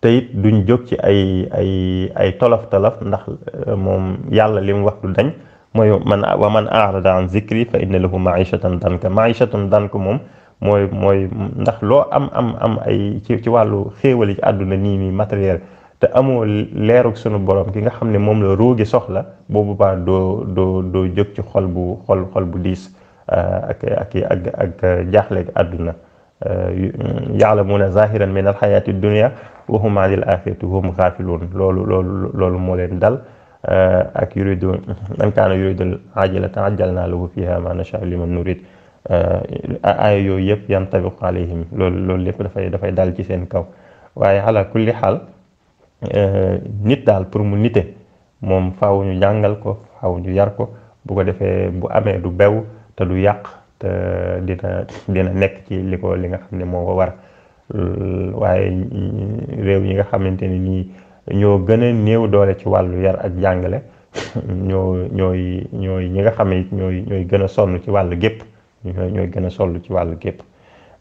te duñ jóg ci ay ay ay tolof tolof ndax euh, moom yàlla li mu wax du dañ mooy man wa man aarada an zikri fa inna lahu maishatan danka maishatan danka moom mooy mooy ndax loo am am am ay ci ci wàllu xéewal yi ci àdduna nii nii matériel te amoo leerug sunu borom ki nga xam ne moom la roogi soxla boobu baa doo doo doo jóg ci xol bu xol xol bu diis euh, ak ak ak ak jaaxleeg àdduna euh, yaalamuuna zahiran min alxayaati dunia wa hum anil axirati hum xaafiluun loolu loolu loolu moo leen dal Eh, ak yuridu man kaana yuridul ajilata ajjalnaa lahu fiha ma nashaa liman nurid eh, aaya yooyu yëpp yantabiqu alayhim loolu loolu lépp dafay dafay dal ci seen kaw waaye ala kulli xaal eh, nit daal pour mu nite moom faaw ñu jàngal ko faaw ñu yar ko bu ko defee bu amee du bew te du yàq te dina dina nekk ci li ko li nga xam ne moo ko war waaye réew yi nga xamante ni nii ñoo gën a néew doole ci wàllu yar ak jàngale ñoo ñooy ñooy ñi nga xam ne ñooy gën a sonn ci wàllu gépp ñooy gën a sonn ci wàllu gépp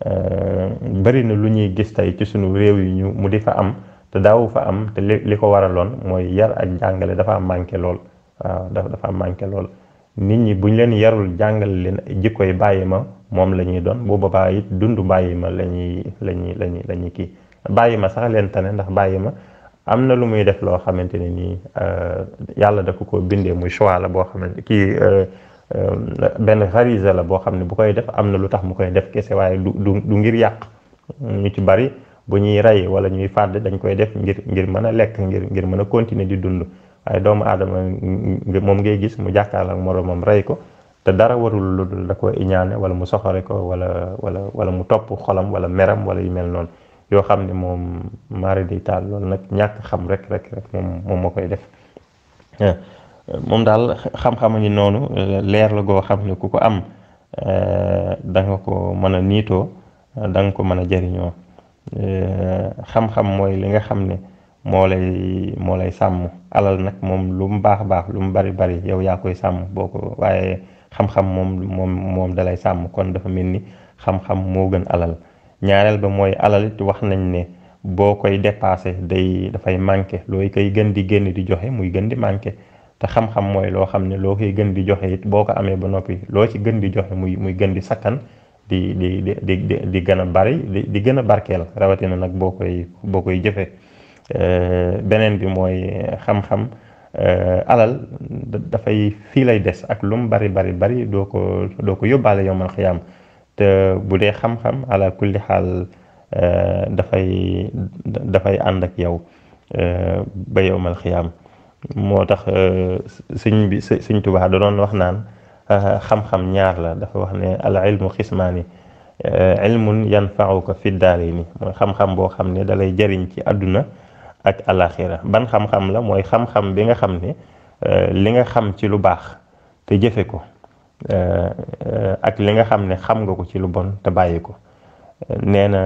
euh, bari na lu ñuy gis tey ci sunu réew yi ñu mu di fa am te daawu fa am te li li ko waraloon mooy yar ak jàngale dafa manqué lool waaw dafa manqué lool nit ñi bu ñu leen yarul jàngale leen jikko yi bàyyi ma moom la ñuy doon bu boobaa it dund bàyyi ma la ñuy la ñuy la ñuy la kii bàyyi ma sax leen tane ndax bàyyi ma. am na lu muy def loo xamante ne nii euh, yàlla da ko ko bindee muy choix la boo xamante kii euh, euh, benn xarisa la boo xam ne bu koy def am na lu tax mu koy def kese waaye du du ngir yàq ñu ci bari bu ñuy rey wala ñuy fàdd dañ koy def ngir ngir mën a lekk ngir ngir mën a continuer di dund waaye doomu aadama moom ngay gis mu jàkkaarloo ak moroomam rey ko te dara warul lu dul da ko iñaane wala mu soxore ko wala wala wala mu topp xolam wala meram wala yu mel noonu yoo xam ne moom mari day taal loolu nag ñàkk xam rek rek moom ma koy def euh, moom daal xam-xam ngi noonu leer la goo xam ne ku ko am euh, da ko mën a niitoo danga ko mën a jariñoo euh, xam-xam mooy li nga xam ne moo lay moo lay sàmm alal nag moom lu mu baax baax lu mu bari bari yow yaa sàmm boo ko waaye xam-xam moom moom moom dalay sàmm kon dafa mel ni xam-xam moo gën alal ñaareel ba mooy alal wax nañ ne boo koy dépassé day dafay manqué looy koy gën di génn di joxe muy gën di manqué te xam-xam mooy loo xam ne loo koy gën di joxe it boo ko amee ba noppi loo ci gën di joxe muy muy gën di sakkan di di di di di gën a bari di gën a barkeel rawatina nag boo koy boo koy jëfee euh, beneen bi mooy xam-xam euh, alal dafay fii lay des ak lu bari bari bari doo ko doo ko yóbbaale yomal xiyaam te bu dee xam-xam ala kulli xaal euh, dafay dafay ànd ak yow euh, ba yowmal xiyaam moo tax euh, sëñ bi sëñ Tuubaa da doon wax naan xam-xam ñaar la dafa wax ne al ilmu xismaani ilmun yanfauka fi daarayni mooy xam-xam boo xam ne dalay jariñ ci àdduna ak alaxira ban xam-xam la mooy xam-xam bi nga xam ne li nga xam ci lu baax te jëfe ko Eh, ak li nga xam ne xam nga ko ci lu bon te bàyyi ko nee na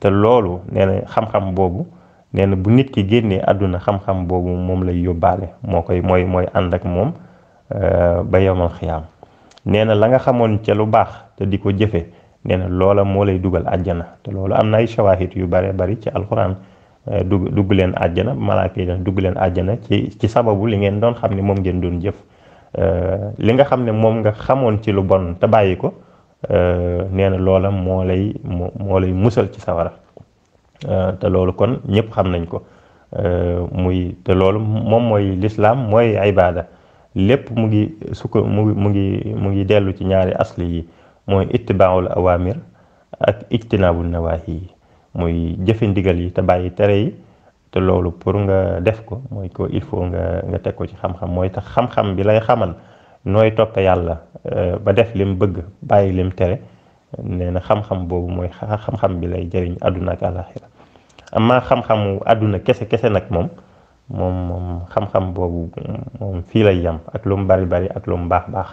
te loolu nee na xam-xam boobu nee na bu nit ki génnee àdduna xam-xam boobu moom lay yóbbaale moo koy mooy mooy ànd ak moom eh, ba yomal xiyaam nee na la nga xamoon ca lu baax te di ko jëfe nee loola moo lay dugal àjjana te loolu am na ay shawahid yu bare bari ci alxuraan eh, dugg dugg leen àjjana malaaka yi dugg leen àjjana ci ci sababu li ngeen doon xam ni moom ngeen doon jëf Euh, li nga xam ne moom nga xamoon ci lu bon te bàyyi ko euh, nee na loola moo lay moo lay musal ci sawara euh, te loolu kon ñëpp xam nañ ko muy te loolu moom mooy lislaam mooy ibaada lépp mu ngi sukk mu ngi mu ngi mu ngi dellu ci ñaari asli yi mooy ittibaaul awamir ak ijtinaabul nawaahi yi muy jëfe ndigal yi te bàyyi tere yi te loolu pour nga def ko mooy ko il faut nga nga teg ko ci xam-xam mooy tax xam-xam bi lay xamal nooy toppe yàlla euh, ba def lim bëgg bàyyi lim tere nee na xam-xam boobu mooy xam-xam bi lay jëriñ àdduna ak àllaaxira amma xam àdduna kese kese nag moom moom moom xam boobu moom fii lay yam ak lu mu bari bari ak lu mu baax baax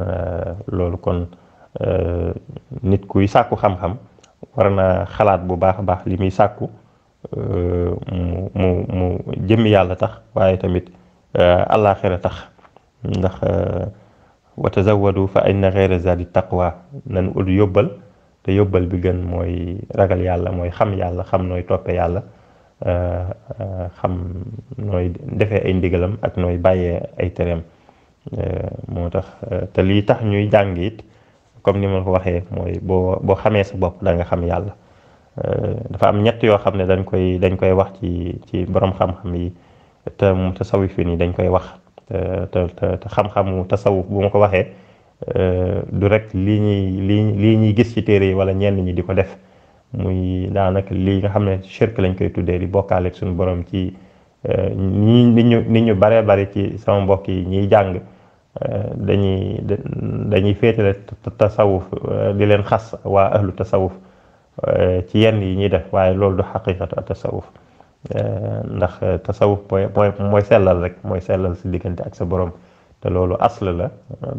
euh, loolu kon euh, nit kuy sàkku xam-xam war na xalaat bu baax a baax li muy sàkku Euh, mu mu mu jëmmi yàlla tax waaye tamit euh, àllaaxira tax ndax euh, wa tazawadu fa inna xayra zadi taqwa nan ut yóbbal te yóbbal bi gën mooy ragal yàlla mooy xam yàlla xam nooy toppe yàlla xam nooy defee ay ndigalam ak nooy bàyyee ay tereem moo tax te lii tax ñuy jàng yit comme ni ma ko waxee mooy boo boo xamee sa bopp da nga xam yàlla Euh, dafa am ñett yoo xam ne dañ koy dañ koy wax ci ci borom xam-xam yi te mu tasawuf yi nii dañ koy wax te te xam-xamu tasawuf bu ma ko waxee euh, du rek lii ñuy lii lii ñuy gis ci téere yi wala ñenn ñi di ko def muy daanaka lii nga xam ne shirk lañ koy tuddee di bokkaale suñu borom ci euh, ñi nit ñu nit ñu baree bari ci sama mbokk yi ñiy jàng dañuy dañuy féetale tasawuf di leen xas waa ahlu tasawuf Eh, ci yenn yi ñuy def waaye loolu du xaqiqatu tasawuf eh, ndax eh, tasawuf mooy mooy mooy sellal rek mooy sellal si diggante ak sa borom te loolu asl la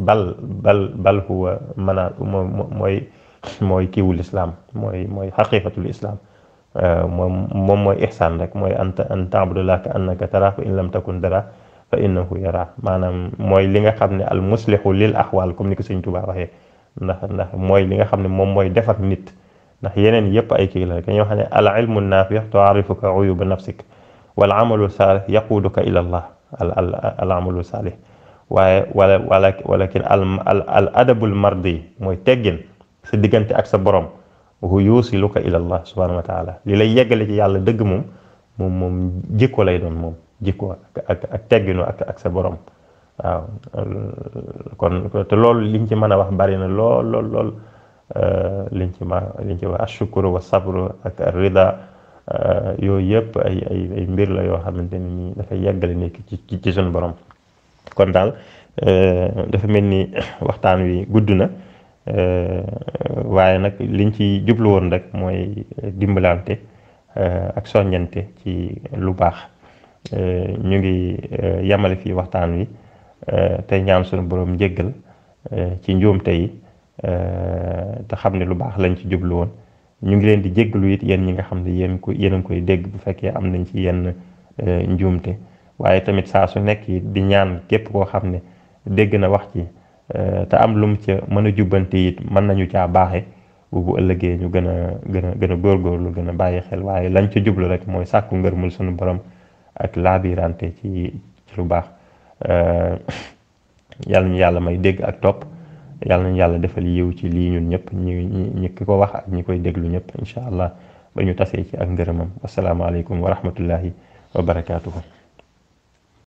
bal bal bal huwa mana mooy mooy kiiwul islaam mooy mooy xaqiqatul islaam moom moom mooy ihsaan rek mooy an an taabudullah ka annaka tara fa in lam takun dara fa innahu yara maanaam mooy li nga xam ne al muslihu lil axwaal comme ni ko sëñ Tuubaa waxee ndax ndax mooy li nga xam ne moom mooy defar nit ndax yeneen yépp ay kii la rek dañoo xam ne al ilmu naafi tuarifuka uyuba nafsik wal amalu saalih yaquuduka ila allah al al al amalu saalih waaye wala wala walakin al al adabul mardi mooy teggin sa diggante ak sa borom hu yuusiluka ila allah subhanahu wa taala li lay yeggale ci yàlla dëgg moom moom moom jikko lay doon moom jikko ak ak tegginu ak ak sa borom waaw kon te loolu liñ ci mën a wax bari na lool lool lool Euh, liñ ci ma liñ ci ma ashukuru wa sabru ak rida euh, yooyu yëpp ay ay mbir la yoo xamante ne nii dafay yàggale nekk ci ci suñu borom kon daal euh, dafa mel ni waxtaan wi gudd na waaye nag liñ ci jublu woon rek mooy dimbalante ak soññante ci lu baax ñu ngi yamale fii waxtaan wi tey ñaam suñu borom njëggal ci njuumte yi Euh, te xam ne lu baax lañ ci jublu woon ñu ngi leen di jéggalu it yéen ñi nga xam ne yéen ko yéen koy dégg bu fekkee am nañ ci yenn euh, njuumte waaye tamit saa su nekk di ñaan képp koo xam ne dégg na wax ci euh, te am lum ca mën a jubbante it mën nañu caa baaxe bu ëllëgee ñu gën a gën a lu a gën a bàyyi xel waaye lañ ci jublu rek mooy sàkku ngërmul suñu borom ak laabirante ci ci lu baax yàlla ñu yàlla may dégg ak topp yàlla nañu yàlla defal yiw ci lii ñun ñëpp ñu ñi ko wax ñu koy déglu ñëpp incha allah ba ñu tasee ci ak ngërëmam wasalaamaaleykum wa rahmatullahi wa barakaatuhu